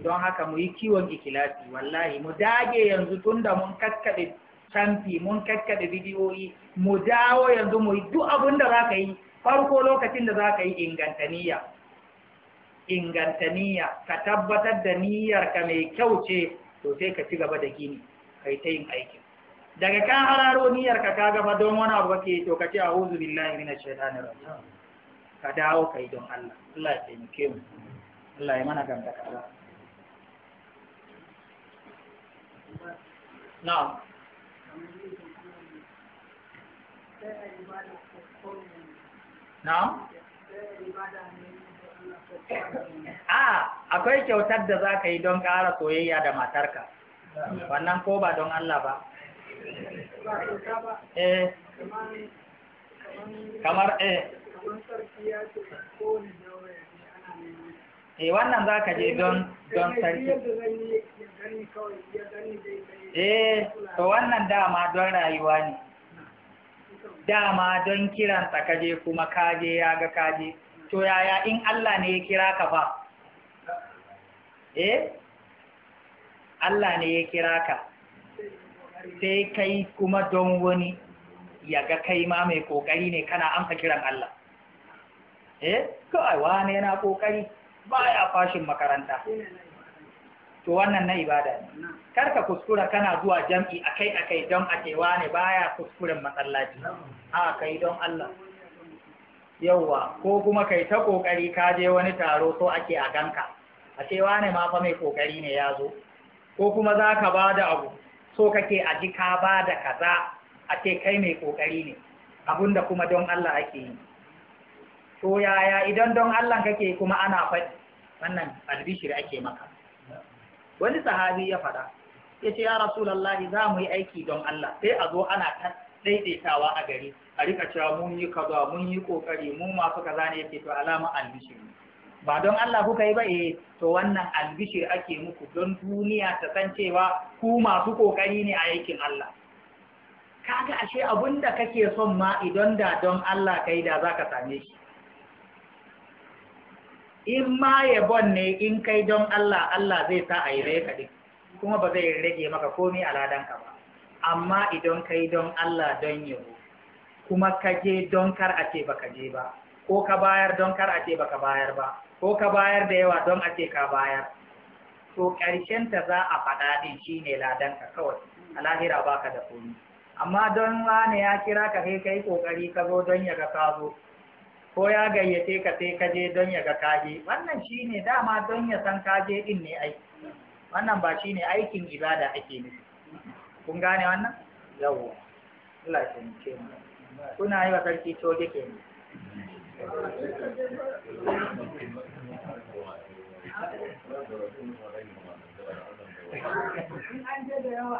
don haka mu yi kiwon ikilasi wallahi mu dage yanzu tunda mun kakkaɗe canfi mun kakkaɗe bidiyoyi mu dawo yanzu mu yi duk abin da za ka yi farko lokacin da za ka yi ingantaniya ingantaniya ka tabbatar da niyyar ka mai kyau ce to sai ka ci gaba da gini kai ta yin aikin daga kan hararo niyyar ka gaba don wani abu kake to ka ce a'udhu billahi minash shaitanir rajim ka dawo kai don Allah Allah ya taimake mu Allah ya mana gamda kaza Na. Na. a akwai kyautar da za ka yi don ƙara soyayya da matarka wannan ko ba don Allah ba eh kamar eh kamar sarki ya ce eh wannan za ka je don don sarki eh to wannan dama don rayuwa ne dama don kiransa kaje kuma kaje ya ga kaje to yaya in Allah ne ya kira ka ba eh Allah ne ya kira ka sai kai kuma don wani ya ga kai ma mai kokari ne kana amsa kiran Allah eh kawai wane yana kokari baya fashin makaranta to wannan na ibada ne kar ka kuskura kana zuwa jam'i akai akai don a cewa ne baya kuskuren masallaci a kai don Allah Yawwa, ko kuma kai ta kokari ka je wani taro so ake a ganka a cewa ne ma fa mai kokari ne ya zo ko kuma za ka ba da abu so kake a ji ka ba da kaza a ce kai mai kokari ne abunda kuma don Allah ake yi to yaya idan don Allah kake kuma ana faɗi wannan albishir ake maka wani sahabi ya faɗa ya ce ya rasulallah za mu yi aiki don Allah sai a zo ana ta daidaitawa a gari a rika cewa mun yi kaza mun yi kokari mu masu kaza ne yake to alama albishir ba don Allah kuka yi ba eh to wannan albishir ake muku don duniya ta san cewa ku masu kokari ne a aikin Allah kaga ashe abun da kake son ma idan da don Allah kai da zaka same shi in ma yabon ne in kai don Allah Allah zai sa a yi ka din kuma ba zai rage maka komai a ladanka ba amma idan kai don Allah don yabo kuma ka je don kar a ce baka je ba ko ka bayar don kar a ce baka bayar ba ko ka bayar da yawa don a ce ka bayar to ƙarshen ta za a faɗa din shine ladanka kawai a lahira baka da komai amma don wane ya kira ka kai kai kokari ka zo don ya ga ka zo ko ya gayyace ka sai ka je don ya ga kaje wannan shine dama don ya san kaje din ne ai wannan ba shine aikin ibada ake nufi kun gane wannan yawo Allah ya tsince mu kuna yi wa sarki coge ke ne an je da yawa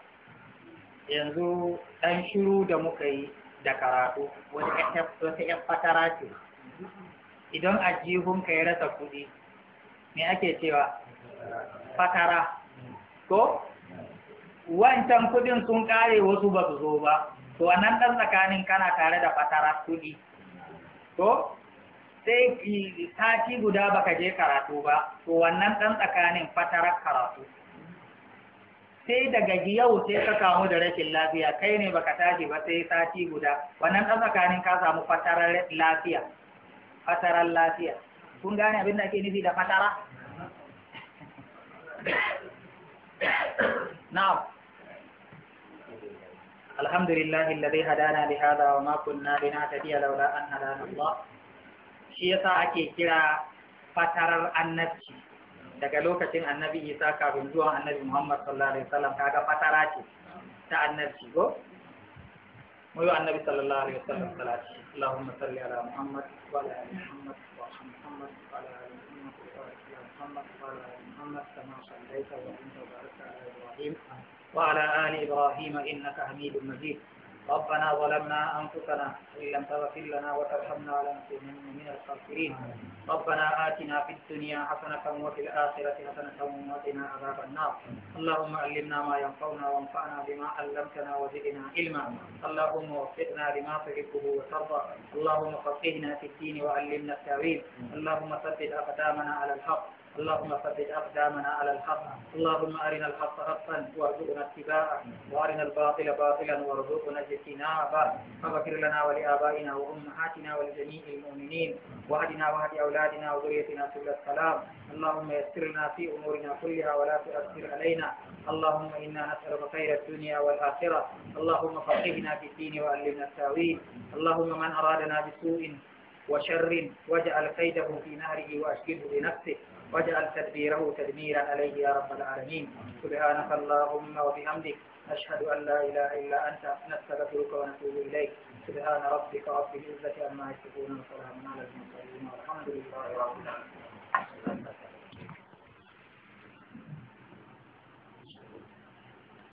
yanzu ɗan shiru da muka yi da karatu wata ‘yan fatara ce idan ka ya rasa kuɗi me ake cewa fatara ko wancan kuɗin sun ƙare wasu ba su zo ba to a nan ɗan tsakanin kana tare da fatara kuɗi ko sai sati guda baka je karatu ba to wannan ɗan tsakanin fatarar karatu sai daga yau sai ka kamu da rashin lafiya kai ne baka tashi ba sai sati guda wannan ɗan tsakanin ka samu fatarar lafiya fatarar lafiya kun gane abin da ake nufi da fatara na'am الحمد لله الذي هدانا لهذا وما كنا لنهتدي لولا أن هدانا الله shi yasa ake kira fatarar annabci daga lokacin annabi isa kafin zuwan annabi muhammad sallallahu alaihi wasallam kaga fatara ce ta annabci go mu yi annabi sallallahu alaihi wasallam salati allahumma salli ala muhammad wa ala ali muhammad wa muhammad wa ala ali muhammad wa ala muhammad wa ala ali muhammad kama sallaita wa anta ala ibrahim wa ala ali ibrahim innaka hamidum majid ربنا ظلمنا أنفسنا إن لم تغفر لنا وترحمنا لنكونن من الخاسرين ربنا آتنا في الدنيا حسنة وفي الآخرة حسنة وقنا عذاب النار اللهم علمنا ما ينفعنا وانفعنا بما علمتنا وزدنا علما اللهم وفقنا لما تحبه وترضى اللهم فقهنا في الدين وعلمنا التأويل اللهم ثبت أقدامنا على الحق اللهم ثبت أقدامنا على الحق اللهم أرنا الحق حقا وارزقنا اتباعه وأرنا الباطل باطلا وارزقنا اجتنابه فاغفر لنا ولآبائنا وأمهاتنا ولجميع المؤمنين وهدنا وهد أولادنا وذريتنا سبل السلام اللهم يسر لنا في أمورنا كلها ولا تؤثر علينا اللهم إنا نسألك خير الدنيا والآخرة اللهم فقهنا في الدين وعلمنا التاويل اللهم من أرادنا بسوء وشر واجعل كيده في نهره وأشكله بنفسه واجعل تدبيره تدميرا عليه يا رب العالمين سبحانك اللهم وبحمدك أشهد أن لا إله إلا أنت نستغفرك ونتوب إليك سبحان ربك رب العزة عما يصفون وسلام على المرسلين والحمد لله رب العالمين